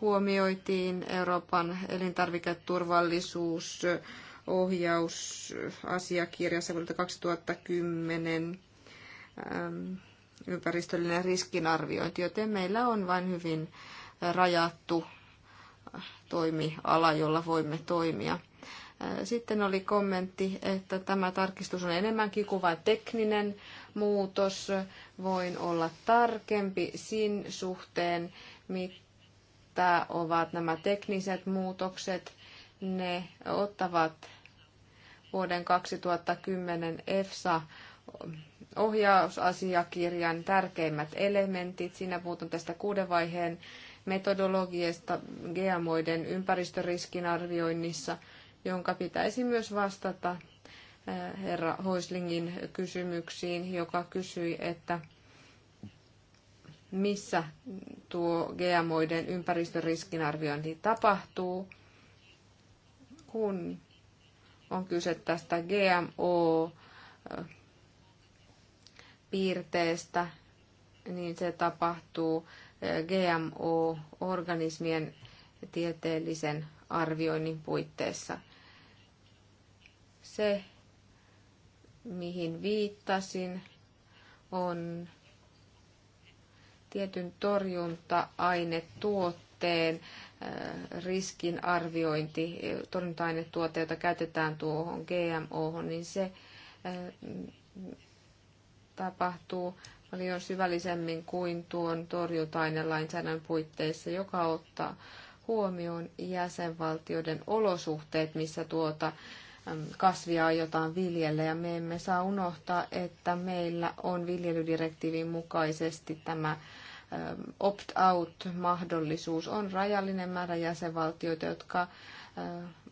Speaker 1: huomioitiin Euroopan elintarviketurvallisuusohjausasiakirjassa vuodelta 2010 ympäristöllinen riskinarviointi, joten meillä on vain hyvin rajattu toimiala, jolla voimme toimia. Sitten oli kommentti, että tämä tarkistus on enemmänkin kuin vain tekninen muutos. Voin olla tarkempi sin suhteen, mitä ovat nämä tekniset muutokset. Ne ottavat vuoden 2010 EFSA ohjausasiakirjan tärkeimmät elementit. Siinä puhutaan tästä kuuden vaiheen metodologiasta GMOiden ympäristöriskin arvioinnissa, jonka pitäisi myös vastata eh, herra Hoislingin kysymyksiin, joka kysyi, että missä tuo GMOiden ympäristöriskin arviointi tapahtuu, kun on kyse tästä GMO-piirteestä, eh, niin se tapahtuu GMO-organismien tieteellisen arvioinnin puitteissa. Se, mihin viittasin, on tietyn torjunta-ainetuotteen äh, riskin arviointi, torjunta-ainetuote, jota käytetään tuohon GMO, niin se äh, tapahtuu paljon syvällisemmin kuin tuon torjuntainen ainelainsäädännön puitteissa, joka ottaa huomioon jäsenvaltioiden olosuhteet, missä tuota kasvia aiotaan viljellä. Ja me emme saa unohtaa, että meillä on viljelydirektiivin mukaisesti tämä opt-out-mahdollisuus. On rajallinen määrä jäsenvaltioita, jotka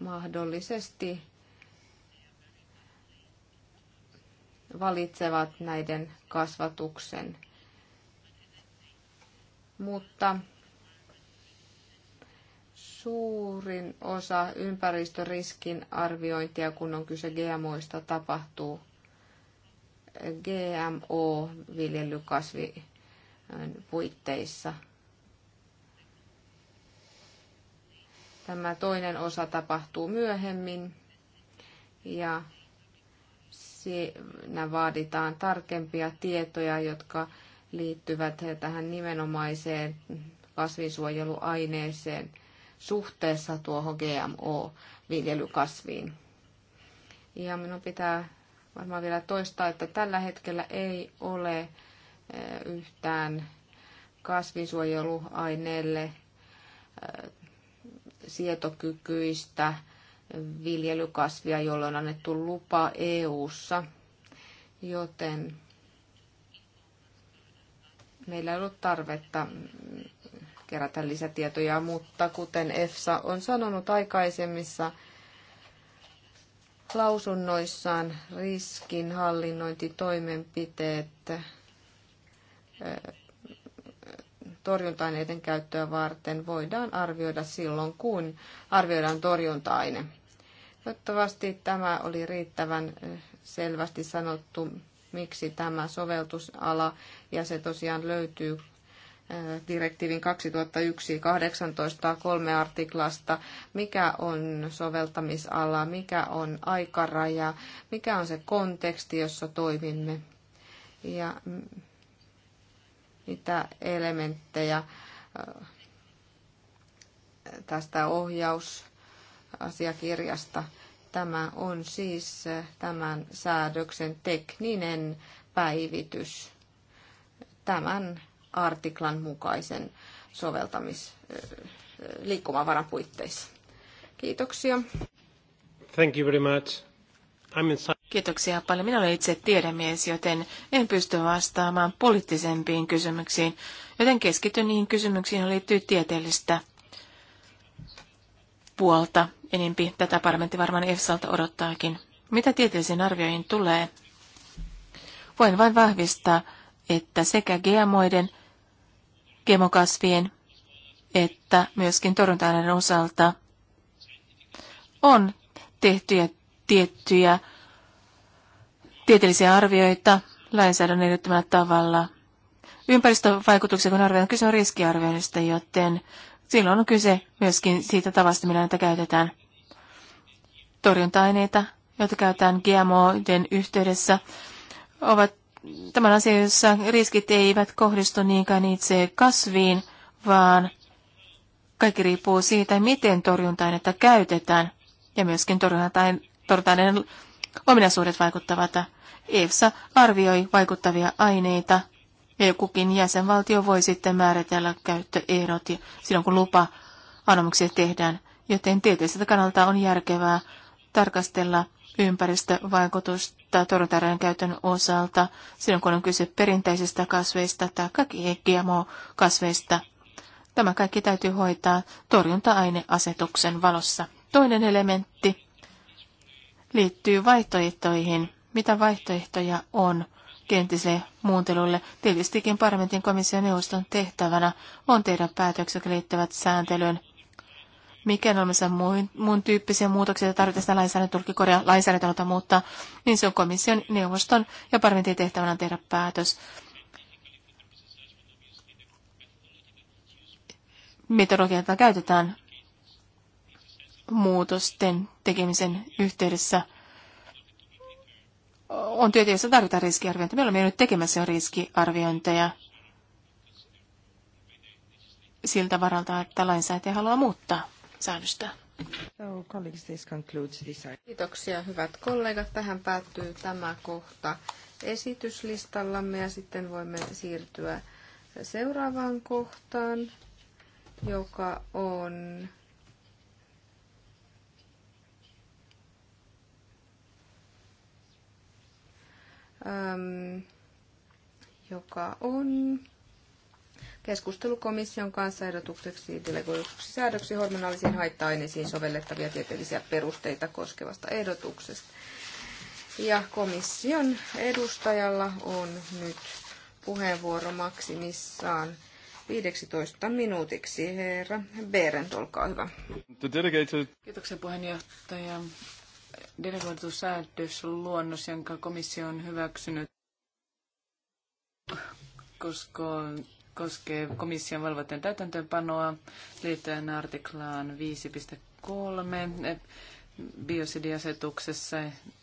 Speaker 1: mahdollisesti valitsevat näiden kasvatuksen. Mutta suurin osa ympäristöriskin arviointia, kun on kyse GMOista, tapahtuu GMO-viljelykasvi puitteissa. Tämä toinen osa tapahtuu myöhemmin ja Siinä vaaditaan tarkempia tietoja, jotka liittyvät tähän nimenomaiseen kasvinsuojeluaineeseen suhteessa tuohon GMO-viljelykasviin. Ja minun pitää varmaan vielä toistaa, että tällä hetkellä ei ole eh, yhtään kasvinsuojeluaineelle eh, sietokykyistä viljelykasvia, jolle on annettu lupa EU-ssa, joten meillä ei ollut tarvetta kerätä lisätietoja, mutta kuten EFSA on sanonut aikaisemmissa lausunnoissaan, riskinhallinnointitoimenpiteet torjunta-aineiden käyttöä varten voidaan arvioida silloin, kun arvioidaan torjunta-aine Toivottavasti tämä oli riittävän selvästi sanottu, miksi tämä soveltusala ja se tosiaan löytyy direktiivin 2001-18 artiklasta, mikä on soveltamisala, mikä on aikaraja, mikä on se konteksti, jossa toimimme ja mitä elementtejä tästä ohjausasiakirjasta Tämä on siis tämän säädöksen tekninen päivitys tämän artiklan mukaisen soveltamis
Speaker 2: liikkumavaran puitteissa. Kiitoksia. Thank you very much. I'm in... Kiitoksia paljon. Minä olen itse tiedemies, joten en pysty vastaamaan poliittisempiin kysymyksiin, joten keskityn niihin kysymyksiin, joihin liittyy tieteellistä puolta enempi. Tätä parlamentti varmaan EFSAlta odottaakin. Mitä tieteellisiin arvioihin tulee? Voin vain vahvistaa, että sekä GMOiden, gemokasvien että myöskin torjunta osalta on tehtyjä tiettyjä tieteellisiä arvioita lainsäädännön edellyttämällä tavalla. Ympäristövaikutuksia kun arvioidaan, kyse on riskiarvioinnista, joten Silloin on kyse myöskin siitä tavasta, millä näitä käytetään. Torjunta-aineita, joita käytetään GMOiden yhteydessä, ovat tämän asian, jossa riskit eivät kohdistu niinkään itse kasviin, vaan kaikki riippuu siitä, miten torjunta-ainetta käytetään ja myöskin torjunta-aineen ominaisuudet vaikuttavat. EFSA arvioi vaikuttavia aineita ja kukin jäsenvaltio voi sitten määritellä käyttöehdot silloin, kun lupa anomuksia tehdään. Joten tieteelliseltä kannalta on järkevää tarkastella ympäristövaikutusta torjuntarajan käytön osalta silloin, kun on kyse perinteisistä kasveista tai GMO-kasveista. Tämä kaikki täytyy hoitaa torjunta-aineasetuksen valossa. Toinen elementti liittyy vaihtoehtoihin. Mitä vaihtoehtoja on? kenttiselle muuntelulle. Tietystikin parlamentin komission neuvoston tehtävänä on tehdä päätökset, liittyvät sääntelyyn. Mikä on olemassa muun, muun tyyppisiä muutoksia, joita tarvitaan lainsäädäntöä, lainsäädäntöä muuttaa, niin se on komission neuvoston ja parlamentin tehtävänä tehdä päätös. Metodologiaa käytetään muutosten tekemisen yhteydessä – on työtä, jossa tarvitaan riskiarviointia. Me olemme nyt tekemässä jo riskiarviointeja siltä varalta, että lainsäätäjä haluaa muuttaa säännöstä. Kiitoksia
Speaker 1: hyvät kollegat. Tähän päättyy tämä kohta esityslistallamme ja sitten voimme siirtyä seuraavaan kohtaan, joka on äm, joka on keskustelukomission kanssa ehdotukseksi delegoiduksi säädöksi hormonaalisiin haitta-aineisiin sovellettavia tieteellisiä perusteita koskevasta ehdotuksesta. Ja komission edustajalla on nyt puheenvuoro maksimissaan 15 minuutiksi. Herra Berend, olkaa
Speaker 3: hyvä. Kiitoksia puheenjohtaja delegoitu säädösluonnos, jonka komissio on hyväksynyt, koska koskee komission valvotteen täytäntöönpanoa liittyen artiklaan 5.3 biosidiasetuksessa,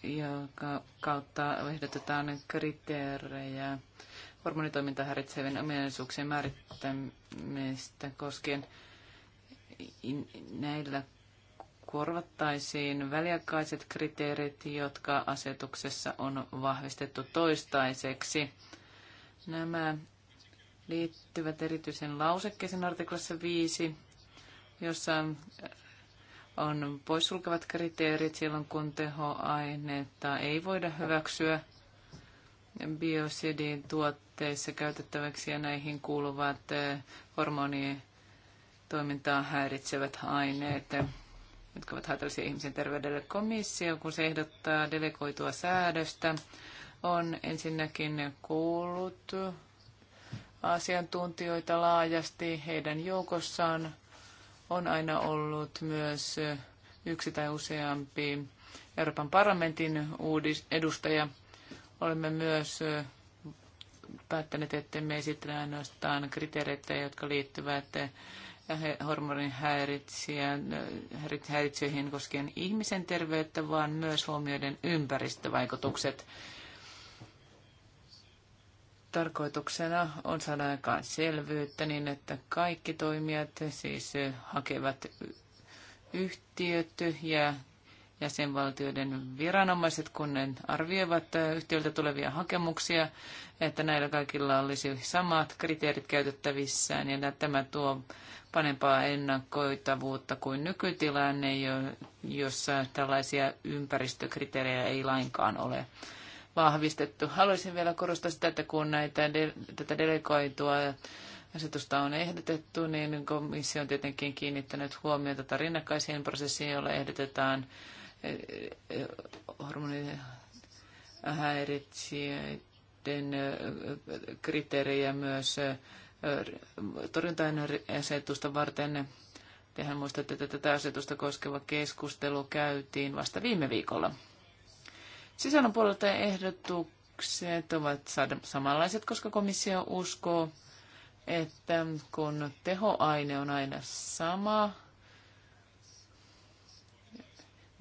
Speaker 3: joka kautta ehdotetaan kriteerejä hormonitoiminta häiritsevien ominaisuuksien määrittämistä koskien näillä korvattaisiin väliaikaiset kriteerit, jotka asetuksessa on vahvistettu toistaiseksi. Nämä liittyvät erityisen lausekkeeseen artiklassa 5, jossa on poissulkevat kriteerit silloin, kun tehoaineita ei voida hyväksyä biosidin tuotteissa käytettäväksi ja näihin kuuluvat eh, hormonitoimintaa häiritsevät aineet jotka ovat haitallisia ihmisen terveydelle. Komissio, kun se ehdottaa delegoitua säädöstä, on ensinnäkin kuullut asiantuntijoita laajasti. Heidän joukossaan on aina ollut myös yksi tai useampi Euroopan parlamentin edustaja. Olemme myös päättäneet, että me esittelen ainoastaan kriteereitä, jotka liittyvät hormonin hormonihäiritsijöihin koskien ihmisen terveyttä, vaan myös huomioiden ympäristövaikutukset. Tarkoituksena on saada aikaan selvyyttä niin, että kaikki toimijat siis hakevat yhtiöt ja jäsenvaltioiden viranomaiset, kun ne arvioivat yhtiöltä tulevia hakemuksia, että näillä kaikilla olisi samat kriteerit käytettävissään ja tämä tuo panempaa ennakoitavuutta kuin nykytilanne, jossa tällaisia ympäristökriteerejä ei lainkaan ole vahvistettu. Haluaisin vielä korostaa sitä, että kun näitä, tätä delegoitua asetusta on ehdotettu, niin komissio on tietenkin kiinnittänyt huomiota rinnakkaisiin prosessiin, jolla ehdotetaan hormonihäiritsijöiden kriteerejä myös torjunta-aineasetusta varten. Tehän muistatte, että tätä asetusta koskeva keskustelu käytiin vasta viime viikolla. Sisällön puolelta ehdotukset ovat samanlaiset, koska komissio uskoo, että kun tehoaine on aina sama,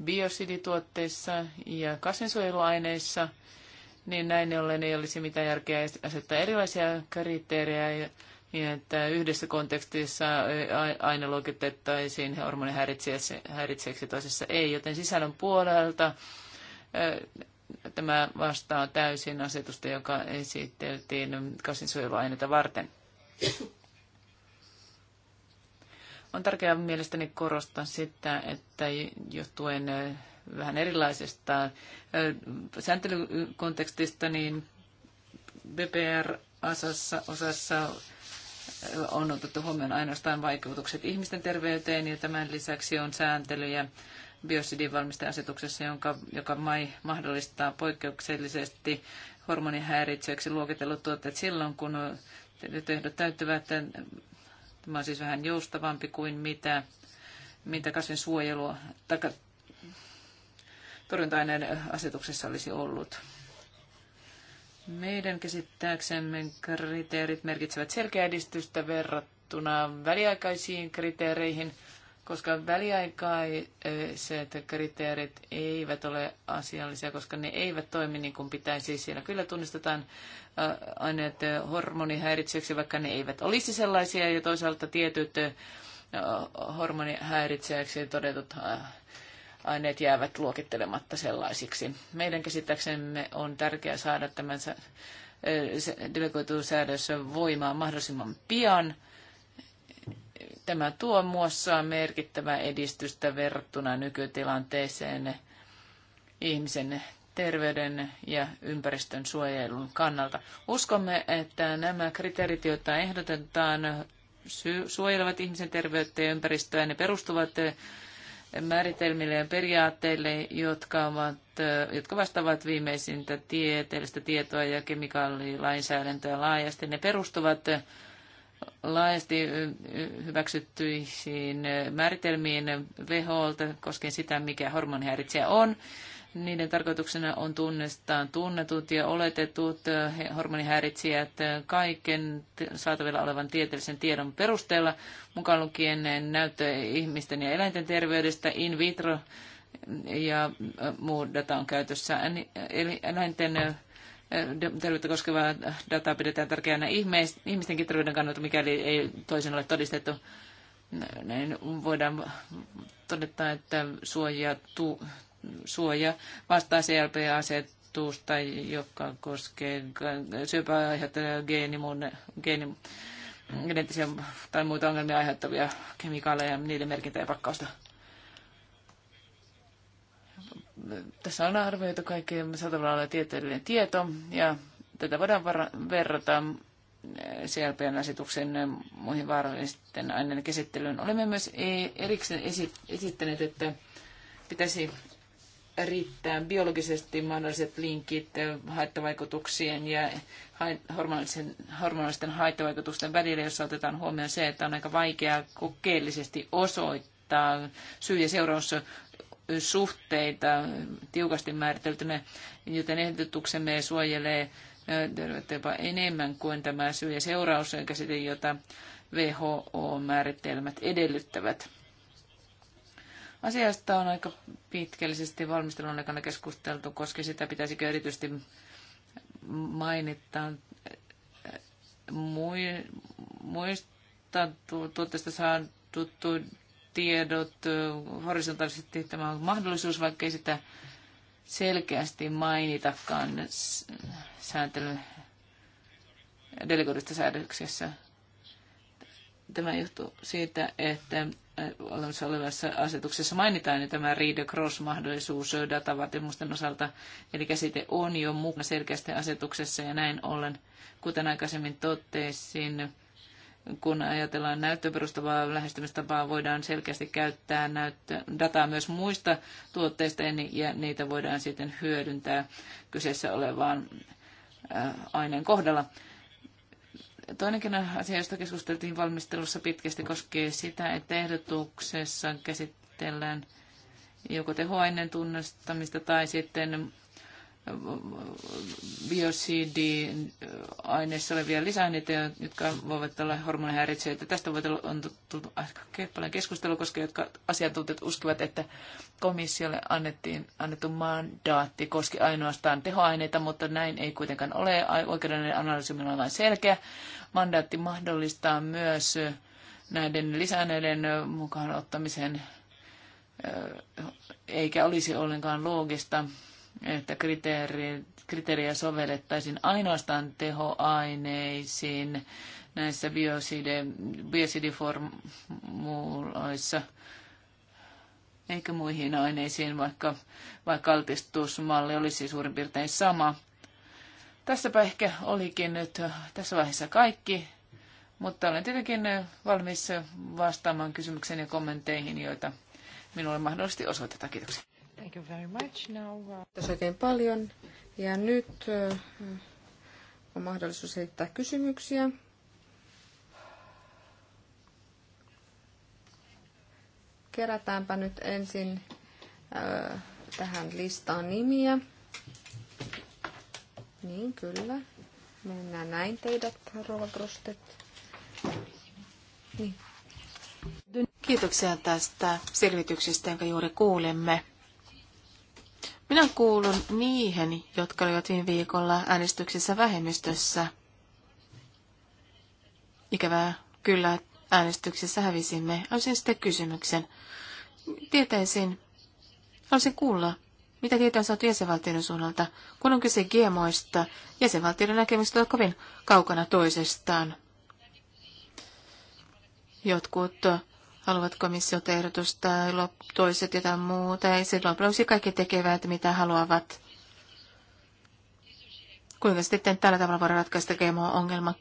Speaker 3: biosidituotteissa ja kasvinsuojeluaineissa, niin näin ollen ei olisi mitään järkeä asettaa erilaisia kriteerejä, niin että yhdessä kontekstissa aina luokitettaisiin hormonihäiritsijäksi, toisessa ei, joten sisällön puolelta tämä vastaa täysin asetusta, joka esiteltiin kasvinsuojeluaineita varten. On tärkeää mielestäni korostaa sitä, että johtuen vähän erilaisesta sääntelykontekstista, niin BPR-osassa osassa on otettu huomioon ainoastaan vaikutukset ihmisten terveyteen ja tämän lisäksi on sääntelyjä biosidivalmisteasetuksessa, jonka, joka mai mahdollistaa poikkeuksellisesti hormonihäiritseeksi luokitellut tuotteet silloin, kun tehdot ehdot täyttyvät Tämä on siis vähän joustavampi kuin mitä, mitä suojelua tai torjunta-aineen asetuksessa olisi ollut. Meidän käsittääksemme kriteerit merkitsevät selkeä edistystä verrattuna väliaikaisiin kriteereihin – koska väliaikaiset kriteerit eivät ole asiallisia, koska ne eivät toimi niin kuin pitäisi. Siellä kyllä tunnistetaan äh, aineet hormonihäiritsijöiksi, vaikka ne eivät olisi sellaisia, ja toisaalta tietyt äh, hormonihäiritseeksi todetut äh, aineet jäävät luokittelematta sellaisiksi. Meidän käsittääksemme on tärkeää saada tämän delegoitu säädös voimaan mahdollisimman pian – Tämä tuo muassaan merkittävää edistystä verrattuna nykytilanteeseen ihmisen terveyden ja ympäristön suojelun kannalta. Uskomme, että nämä kriteerit, joita ehdotetaan, suojelevat ihmisen terveyttä ja ympäristöä. Ne perustuvat määritelmille ja periaatteille, jotka, ovat, jotka vastaavat viimeisintä tieteellistä tietoa ja kemikaalilainsäädäntöä laajasti. Ne perustuvat laajasti hyväksyttyihin määritelmiin WHOlta koskien sitä, mikä hormonihäiritsejä on. Niiden tarkoituksena on tunnistaa tunnetut ja oletetut hormonihäiritsijät kaiken saatavilla olevan tieteellisen tiedon perusteella, mukaan lukien näyttö ihmisten ja eläinten terveydestä, in vitro ja muu data on käytössä. Eli eläinten terveyttä koskevaa dataa pidetään tärkeänä ihmistenkin terveyden kannalta, mikäli ei toisin ole todistettu. Näin voidaan todeta, että suoja, tu, suoja vastaa CLP-asetusta, joka koskee syöpää aiheuttavia geenimuun, geneettisiä tai muita ongelmia aiheuttavia kemikaaleja niiden merkintä ja pakkausta tässä on arvioitu kaikki satavalla tieteellinen tieto ja tätä voidaan verrata eh, CLPn asetuksen eh, muihin vaarallisten aineiden käsittelyyn. Olemme myös e- erikseen esittäneet, että pitäisi riittää biologisesti mahdolliset linkit eh, haittavaikutuksien ja hormonallisten haittavaikutusten välillä, jos otetaan huomioon se, että on aika vaikeaa kokeellisesti osoittaa syy- ja seuraus suhteita tiukasti määriteltynä, joten ehdotuksemme suojelee terveyttä jopa enemmän kuin tämä syy- ja seurauskäsite, jota WHO-määritelmät edellyttävät. Asiasta on aika pitkällisesti valmistelun aikana keskusteltu, koska sitä pitäisikö erityisesti mainittaa muista tuotteista saadut tiedot horisontaalisesti. Tämä on mahdollisuus, vaikka ei sitä selkeästi mainitakaan sääntely delegoidusta säädöksessä. Tämä johtuu siitä, että olemassa olevassa asetuksessa mainitaan niin tämä read across mahdollisuus datavaatimusten osalta, eli käsite on jo mukana selkeästi asetuksessa ja näin ollen, kuten aikaisemmin totesin, kun ajatellaan näyttöperustavaa lähestymistapaa, voidaan selkeästi käyttää näyttö, dataa myös muista tuotteista ja niitä voidaan sitten hyödyntää kyseessä olevaan äh, aineen kohdalla. Toinenkin asia, josta keskusteltiin valmistelussa pitkästi, koskee sitä, että ehdotuksessa käsitellään joko tehoaineen tunnistamista tai sitten biosidiaineissa olevia lisäaineita, jotka voivat olla hormonihäiritseitä. Tästä on tullut aika paljon keskustelua, koska jotka asiantuntijat uskivat, että komissiolle annettiin, annettu mandaatti koski ainoastaan tehoaineita, mutta näin ei kuitenkaan ole. Oikeudellinen analyysi on vain selkeä. Mandaatti mahdollistaa myös näiden lisäaineiden mukaan ottamisen, eikä olisi ollenkaan loogista että kriteeriä sovellettaisiin ainoastaan tehoaineisiin näissä bioside, biosidiformuloissa eikä muihin aineisiin, vaikka, vaikka altistusmalli olisi suurin piirtein sama. Tässäpä ehkä olikin nyt tässä vaiheessa kaikki, mutta olen tietenkin valmis vastaamaan kysymyksiin ja kommentteihin, joita minulle mahdollisesti osoitetaan. Kiitoksia.
Speaker 1: Thank you very much. Now, uh... Kiitos oikein paljon. Ja nyt uh, on mahdollisuus heittää kysymyksiä. Kerätäänpä nyt ensin äh, tähän listaan nimiä. Niin, kyllä. Mennään näin teidät, Rova
Speaker 2: Prostet. Niin. Kiitoksia tästä selvityksestä, jonka juuri kuulemme. Minä kuulun niihin, jotka olivat viime viikolla äänestyksessä vähemmistössä. Ikävää kyllä, äänestyksessä hävisimme. Olisin sitten kysymyksen. Tietäisin, olisin kuulla, mitä tietoa on saatu jäsenvaltioiden suunnalta, kun on kyse GMOista. Jäsenvaltioiden näkemykset ovat kovin kaukana toisestaan. Jotkut haluavat komissiota ehdotusta, toiset jotain muuta, ja sitten loppujen lopuksi kaikki tekevät, mitä haluavat. Kuinka sitten tällä tavalla voidaan ratkaista GMO-ongelma?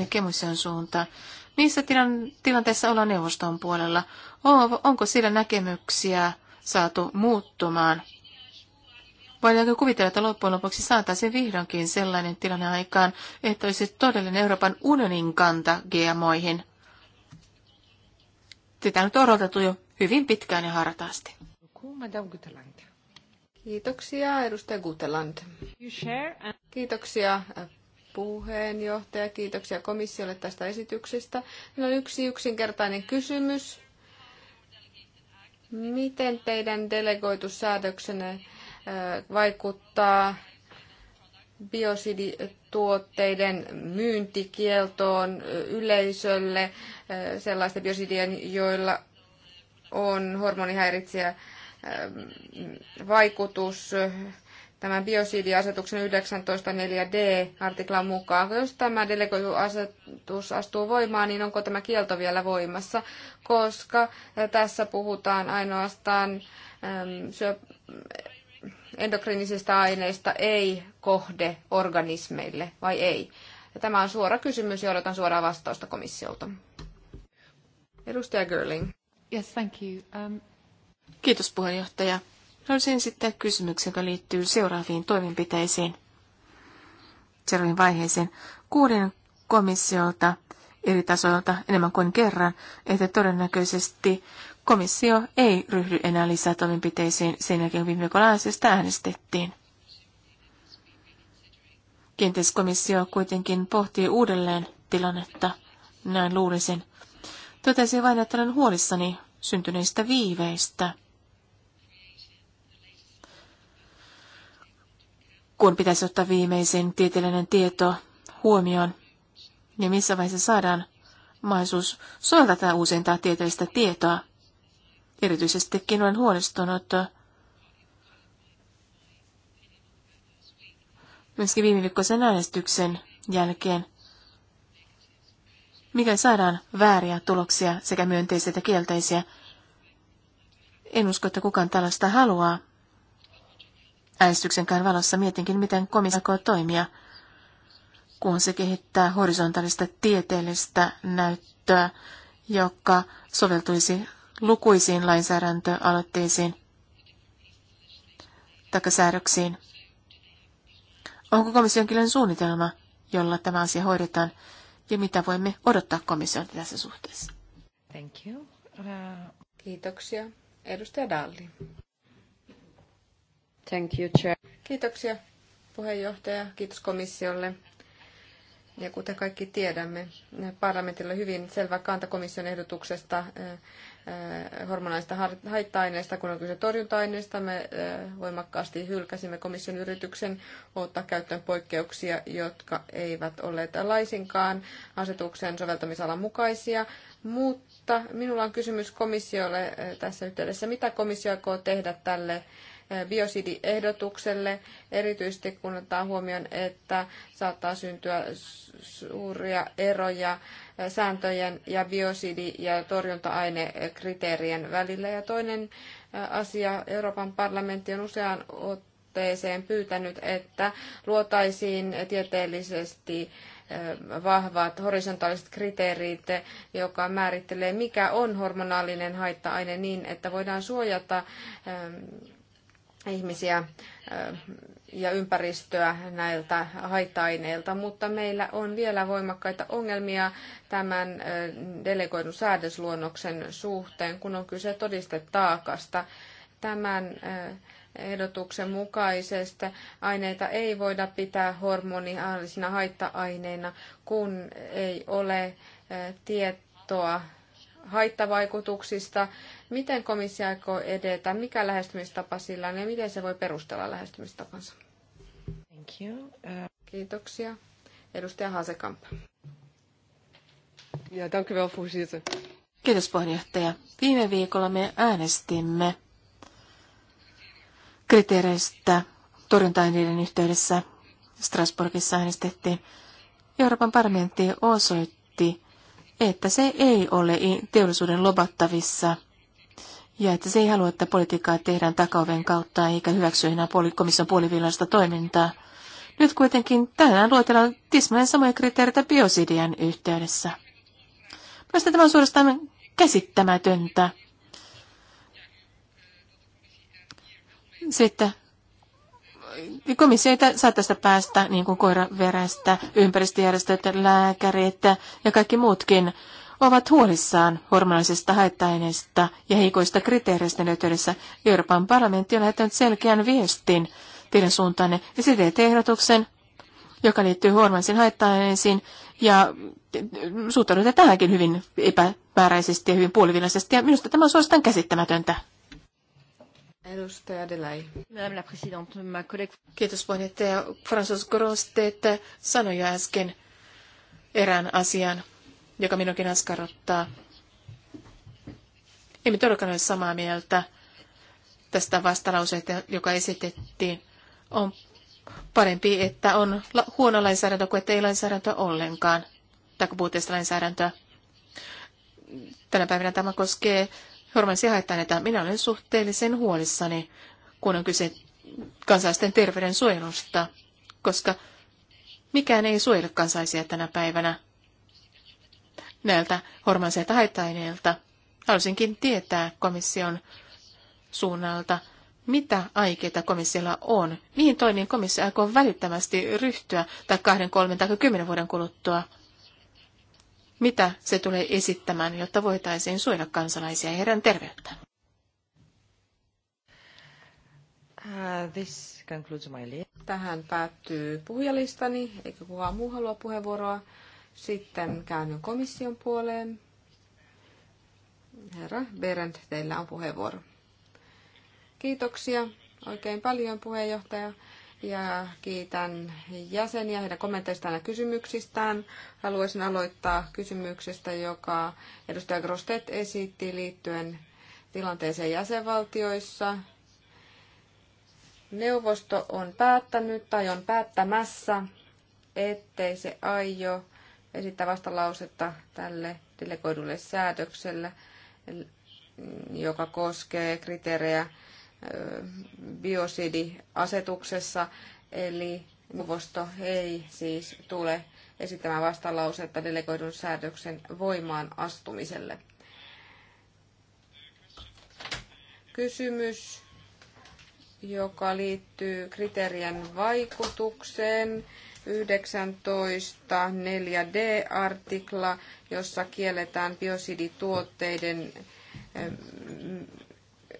Speaker 2: ja kemission suunta. Missä tilanteessa ollaan neuvoston puolella? Onko sillä näkemyksiä saatu muuttumaan? Voidaanko kuvitella, että loppujen lopuksi saataisiin vihdoinkin sellainen tilanne aikaan, että olisi todellinen Euroopan unionin kanta GMOihin? Sitä nyt on odotettu jo hyvin pitkään ja hartaasti.
Speaker 1: Kiitoksia, edustaja Guteland. Kiitoksia äh, puheenjohtaja, kiitoksia komissiolle tästä esityksestä. Meillä on yksi yksinkertainen kysymys. Miten teidän delegoitussäädöksenne äh, vaikuttaa biosidituotteiden myyntikieltoon yleisölle, eh, sellaisten biosidien, joilla on hormonihäiritsijä eh, vaikutus eh, tämän biosidiasetuksen 19.4d artiklan mukaan. Jos tämä delegoitu asetus astuu voimaan, niin onko tämä kielto vielä voimassa? Koska tässä puhutaan ainoastaan endokriinisista aineista ei kohde organismeille vai ei? Ja tämä on suora kysymys ja odotan
Speaker 2: suoraa vastausta komissiolta. Edustaja Gerling.
Speaker 3: Yes, thank you.
Speaker 2: Um... Kiitos puheenjohtaja. Haluaisin sitten kysymyksen, joka liittyy seuraaviin toimenpiteisiin. Seuraaviin vaiheisiin. Kuulin komissiolta eri tasoilta enemmän kuin kerran, että todennäköisesti komissio ei ryhdy enää lisätoimenpiteisiin sen jälkeen, kun viime viikolla asiasta äänestettiin. Kenties komissio kuitenkin pohtii uudelleen tilannetta, näin luulisin. Totesin vain, että olen huolissani syntyneistä viiveistä. Kun pitäisi ottaa viimeisin tieteellinen tieto huomioon, niin missä vaiheessa saadaan mahdollisuus soveltaa tätä uusintaa tieteellistä tietoa – Erityisestikin olen huolestunut myöskin viime viikkoisen äänestyksen jälkeen, mikä saadaan vääriä tuloksia sekä myönteisiä että kielteisiä. En usko, että kukaan tällaista haluaa. Äänestyksenkään valossa mietinkin, miten komissio toimia, kun se kehittää horisontaalista tieteellistä näyttöä, joka soveltuisi lukuisiin lainsäädäntöaloitteisiin tai säädöksiin. Onko komission jonkinlainen suunnitelma, jolla tämä asia hoidetaan, ja mitä voimme odottaa komission tässä suhteessa?
Speaker 1: Thank you. Uh, kiitoksia. Edustaja Dalli. Thank you, Chair. Kiitoksia puheenjohtaja. Kiitos komissiolle. Ja kuten kaikki tiedämme, parlamentilla on hyvin selvä kanta komission ehdotuksesta hormonaista haitta-aineista, kun on kyse torjunta-aineista. Me voimakkaasti hylkäsimme komission yrityksen ottaa käyttöön poikkeuksia, jotka eivät olleet laisinkaan asetuksen soveltamisalan mukaisia, mutta minulla on kysymys komissiolle tässä yhteydessä. Mitä komissio aikoo tehdä tälle biosidiehdotukselle, erityisesti kun otetaan huomioon, että saattaa syntyä suuria eroja sääntöjen ja biosidi- ja torjunta-ainekriteerien välillä. Ja toinen asia, Euroopan parlamentti on useaan otteeseen pyytänyt, että luotaisiin tieteellisesti vahvat horisontaaliset kriteerit, joka määrittelee, mikä on hormonaalinen haitta-aine niin, että voidaan suojata ihmisiä ja ympäristöä näiltä haitta-aineilta, mutta meillä on vielä voimakkaita ongelmia tämän delegoidun säädösluonnoksen suhteen, kun on kyse todistetaakasta. Tämän ehdotuksen mukaisesti aineita ei voida pitää hormoniaalisina haitta-aineina, kun ei ole tietoa haittavaikutuksista, miten komissio aikoo edetä, mikä lähestymistapa sillä on ja miten se voi perustella lähestymistapansa. Thank you. Uh... Kiitoksia. Edustaja Hasekamp. Ja, dank u
Speaker 2: Kiitos puheenjohtaja. Viime viikolla me äänestimme kriteereistä torjuntaaineiden yhteydessä Strasbourgissa äänestettiin. Euroopan parlamentti osoitti että se ei ole teollisuuden lobattavissa ja että se ei halua, että politiikkaa tehdään takauven kautta eikä hyväksy enää komission puolivillaista toimintaa. Nyt kuitenkin tänään luetellaan tismalleen samoja kriteereitä biosidien yhteydessä. Mielestäni tämä on suorastaan käsittämätöntä. Sitten niin komissio ei saa tästä päästä niin kuin koiraverästä, ympäristöjärjestöitä, lääkäreitä ja kaikki muutkin ovat huolissaan hormonallisista haitta ja heikoista kriteereistä yhteydessä. Euroopan parlamentti on lähettänyt selkeän viestin teidän suuntaanne ja ehdotuksen, joka liittyy hormonallisiin haitta-aineisiin ja suhtaudutte tähänkin hyvin epämääräisesti ja hyvin puolivillaisesti ja minusta tämä on suorastaan käsittämätöntä. Edustaja Delay. Madame la Présidente, ma collègue... Kiitos puheenjohtaja Francis Grostet sanoi jo äsken erään asian, joka minunkin askarruttaa. Emme todellakaan ole samaa mieltä tästä vastalauseesta, joka esitettiin. On parempi, että on huono lainsäädäntö kuin että ei lainsäädäntö ollenkaan, tai puhutaan lainsäädäntöä. Tänä päivänä tämä koskee Hormonsi että minä olen suhteellisen huolissani, kun on kyse kansalaisten terveyden suojelusta, koska mikään ei suojele kansaisia tänä päivänä näiltä hormonseilta haitta-aineilta. Haluaisinkin tietää komission suunnalta, mitä aikeita komissiolla on, mihin toimiin komissio aikoo välittömästi ryhtyä tai kahden, kolmen tai kymmenen vuoden kuluttua – mitä se tulee esittämään, jotta voitaisiin suojella kansalaisia ja heidän terveyttään. Uh,
Speaker 1: Tähän päättyy puhujalistani, eikä kukaan muu halua puheenvuoroa. Sitten käännyn komission puoleen. Herra Berend, teillä on puheenvuoro. Kiitoksia oikein paljon puheenjohtaja ja kiitän jäseniä heidän kommenteistaan ja kysymyksistään. Haluaisin aloittaa kysymyksestä, joka edustaja Grostet esitti liittyen tilanteeseen jäsenvaltioissa. Neuvosto on päättänyt tai on päättämässä, ettei se aio esittää vastalausetta tälle delegoidulle säädökselle, joka koskee kriteerejä biosidiasetuksessa, eli neuvosto ei siis tule esittämään vastalausetta delegoidun säädöksen voimaan astumiselle. Kysymys, joka liittyy kriteerien vaikutukseen. 19.4d-artikla, jossa kielletään biosidituotteiden eh,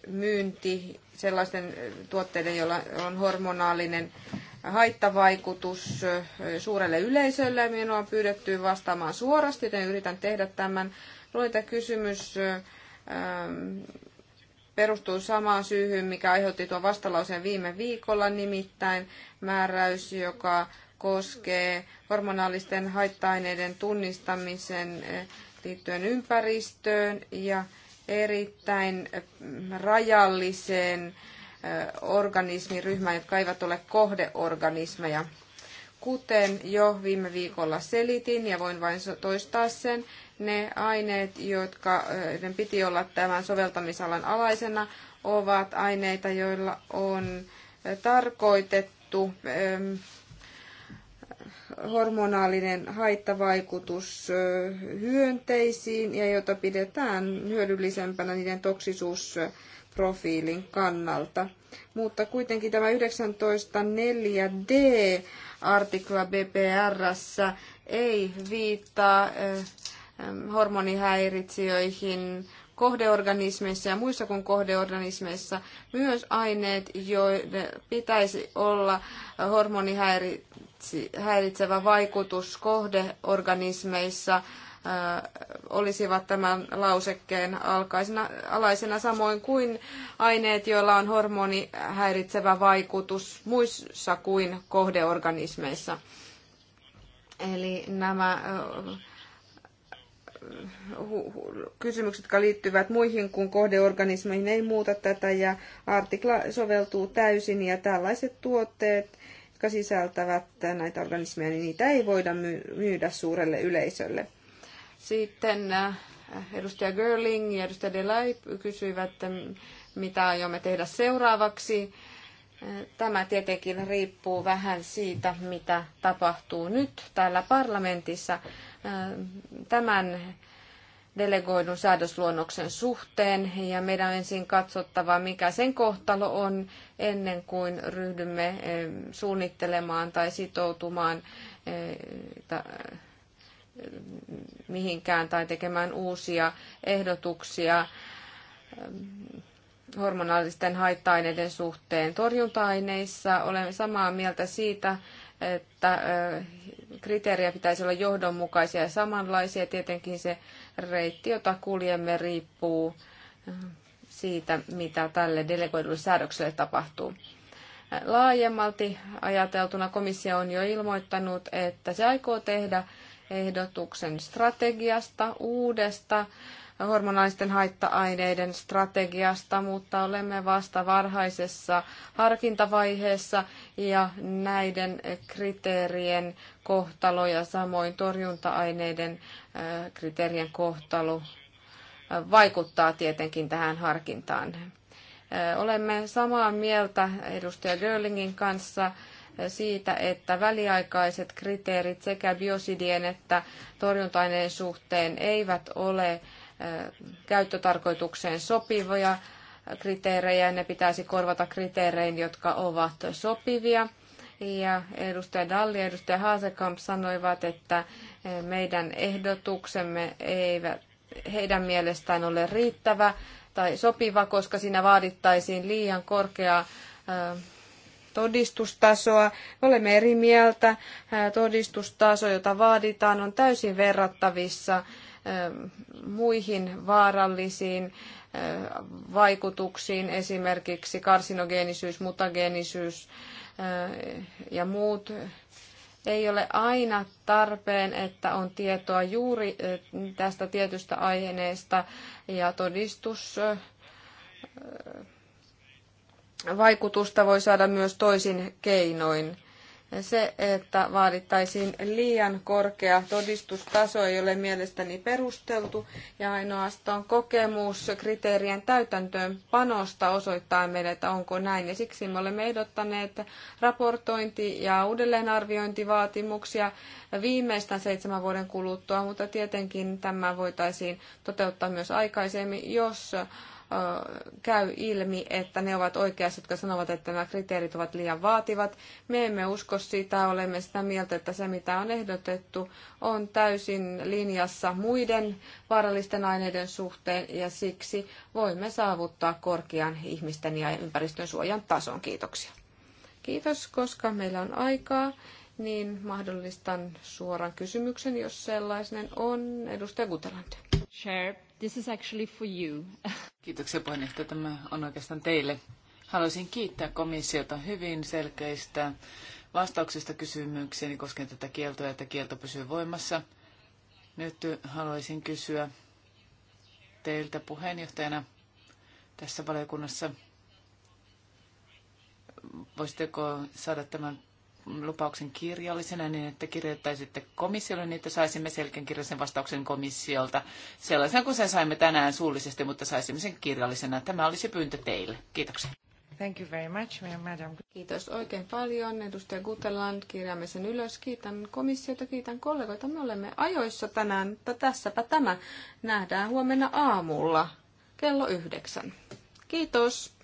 Speaker 1: myynti sellaisten tuotteiden, joilla on hormonaalinen haittavaikutus suurelle yleisölle. Minua on pyydetty vastaamaan suorasti, joten yritän tehdä tämän. Luita kysymys perustuu samaan syyhyn, mikä aiheutti tuon vastalauseen viime viikolla, nimittäin määräys, joka koskee hormonaalisten haitta-aineiden tunnistamisen liittyen ympäristöön ja erittäin äh, rajalliseen äh, organismiryhmään, jotka eivät ole kohdeorganismeja. Kuten jo viime viikolla selitin, ja voin vain toistaa sen, ne aineet, jotka joiden äh, piti olla tämän soveltamisalan alaisena, ovat aineita, joilla on tarkoitettu ähm, hormonaalinen haittavaikutus hyönteisiin ja jota pidetään hyödyllisempänä niiden toksisuusprofiilin kannalta. Mutta kuitenkin tämä 19.4d artikla BPRssä ei viittaa hormonihäiritsijöihin kohdeorganismeissa ja muissa kuin kohdeorganismeissa myös aineet, joiden pitäisi olla hormonihäiri häiritsevä vaikutus kohdeorganismeissa äh, olisivat tämän lausekkeen alkaisena, alaisena samoin kuin aineet, joilla on hormonihäiritsevä vaikutus muissa kuin kohdeorganismeissa. Eli nämä äh, kysymykset, jotka liittyvät muihin kuin kohdeorganismeihin, ei muuta tätä ja artikla soveltuu täysin ja tällaiset tuotteet jotka sisältävät näitä organismeja, niin niitä ei voida myydä suurelle yleisölle. Sitten äh, edustaja Görling ja edustaja Delay kysyivät, mitä aiomme tehdä seuraavaksi. Äh, tämä tietenkin riippuu vähän siitä, mitä tapahtuu nyt täällä parlamentissa. Äh, tämän delegoidun säädösluonnoksen suhteen ja meidän on ensin katsottava, mikä sen kohtalo on ennen kuin ryhdymme eh, suunnittelemaan tai sitoutumaan eh, mihinkään tai tekemään uusia ehdotuksia eh, hormonaalisten haitta-aineiden suhteen torjunta-aineissa. Olen samaa mieltä siitä, että kriteeriä pitäisi olla johdonmukaisia ja samanlaisia. Tietenkin se reitti, jota kuljemme, riippuu siitä, mitä tälle delegoidulle säädökselle tapahtuu. Laajemmalti ajateltuna komissio on jo ilmoittanut, että se aikoo tehdä ehdotuksen strategiasta, uudesta hormonaalisten haitta-aineiden strategiasta, mutta olemme vasta varhaisessa harkintavaiheessa ja näiden kriteerien kohtalo ja samoin torjunta-aineiden kriteerien kohtalo vaikuttaa tietenkin tähän harkintaan. Olemme samaa mieltä edustaja Görlingin kanssa siitä, että väliaikaiset kriteerit sekä biosidien että torjunta-aineen suhteen eivät ole käyttötarkoitukseen sopivia kriteerejä. Ne pitäisi korvata kriteerein, jotka ovat sopivia. Ja edustaja Dalli ja edustaja Haasekamp sanoivat, että meidän ehdotuksemme eivät heidän mielestään ole riittävä tai sopiva, koska siinä vaadittaisiin liian korkeaa todistustasoa. Olemme eri mieltä. Todistustaso, jota vaaditaan, on täysin verrattavissa Ähm, muihin vaarallisiin äh, vaikutuksiin, esimerkiksi karsinogeenisyys, mutageenisyys äh, ja muut. Ei ole aina tarpeen, että on tietoa juuri äh, tästä tietystä aineesta ja todistus vaikutusta voi saada myös toisin keinoin. Se, että vaadittaisiin liian korkea todistustaso, ei ole mielestäni perusteltu, ja ainoastaan kokemus kriteerien täytäntöönpanosta osoittaa meille, että onko näin. Ja siksi me olemme ehdottaneet raportointi- ja uudelleenarviointivaatimuksia viimeistään seitsemän vuoden kuluttua, mutta tietenkin tämä voitaisiin toteuttaa myös aikaisemmin, jos käy ilmi, että ne ovat oikeassa, jotka sanovat, että nämä kriteerit ovat liian vaativat. Me emme usko sitä, olemme sitä mieltä, että se mitä on ehdotettu on täysin linjassa muiden vaarallisten aineiden suhteen ja siksi voimme saavuttaa korkean ihmisten ja ympäristön suojan tason. Kiitoksia. Kiitos, koska meillä on aikaa niin mahdollistan suoran kysymyksen, jos sellainen on. Edustaja Guterland.
Speaker 3: This is actually for you. Kiitoksia puheenjohtaja. Tämä on oikeastaan teille. Haluaisin kiittää komissiota hyvin selkeistä vastauksista kysymyksiin koskien tätä kieltoa, että kielto pysyy voimassa. Nyt haluaisin kysyä teiltä puheenjohtajana tässä valiokunnassa. Voisitteko saada tämän lupauksen kirjallisena niin, että kirjoittaisitte komissiolle, niin että saisimme selkeän kirjallisen vastauksen komissiolta. Sellaisena kuin sen saimme tänään suullisesti, mutta saisimme sen kirjallisena. Tämä olisi pyyntö teille. Kiitoksia.
Speaker 1: Thank you very much, madam. Kiitos oikein paljon. Edustaja Guteland, kirjaamme sen ylös. Kiitän komissiota, kiitän kollegoita. Me olemme ajoissa tänään, mutta tässäpä tämä. Nähdään huomenna aamulla kello yhdeksän.
Speaker 2: Kiitos.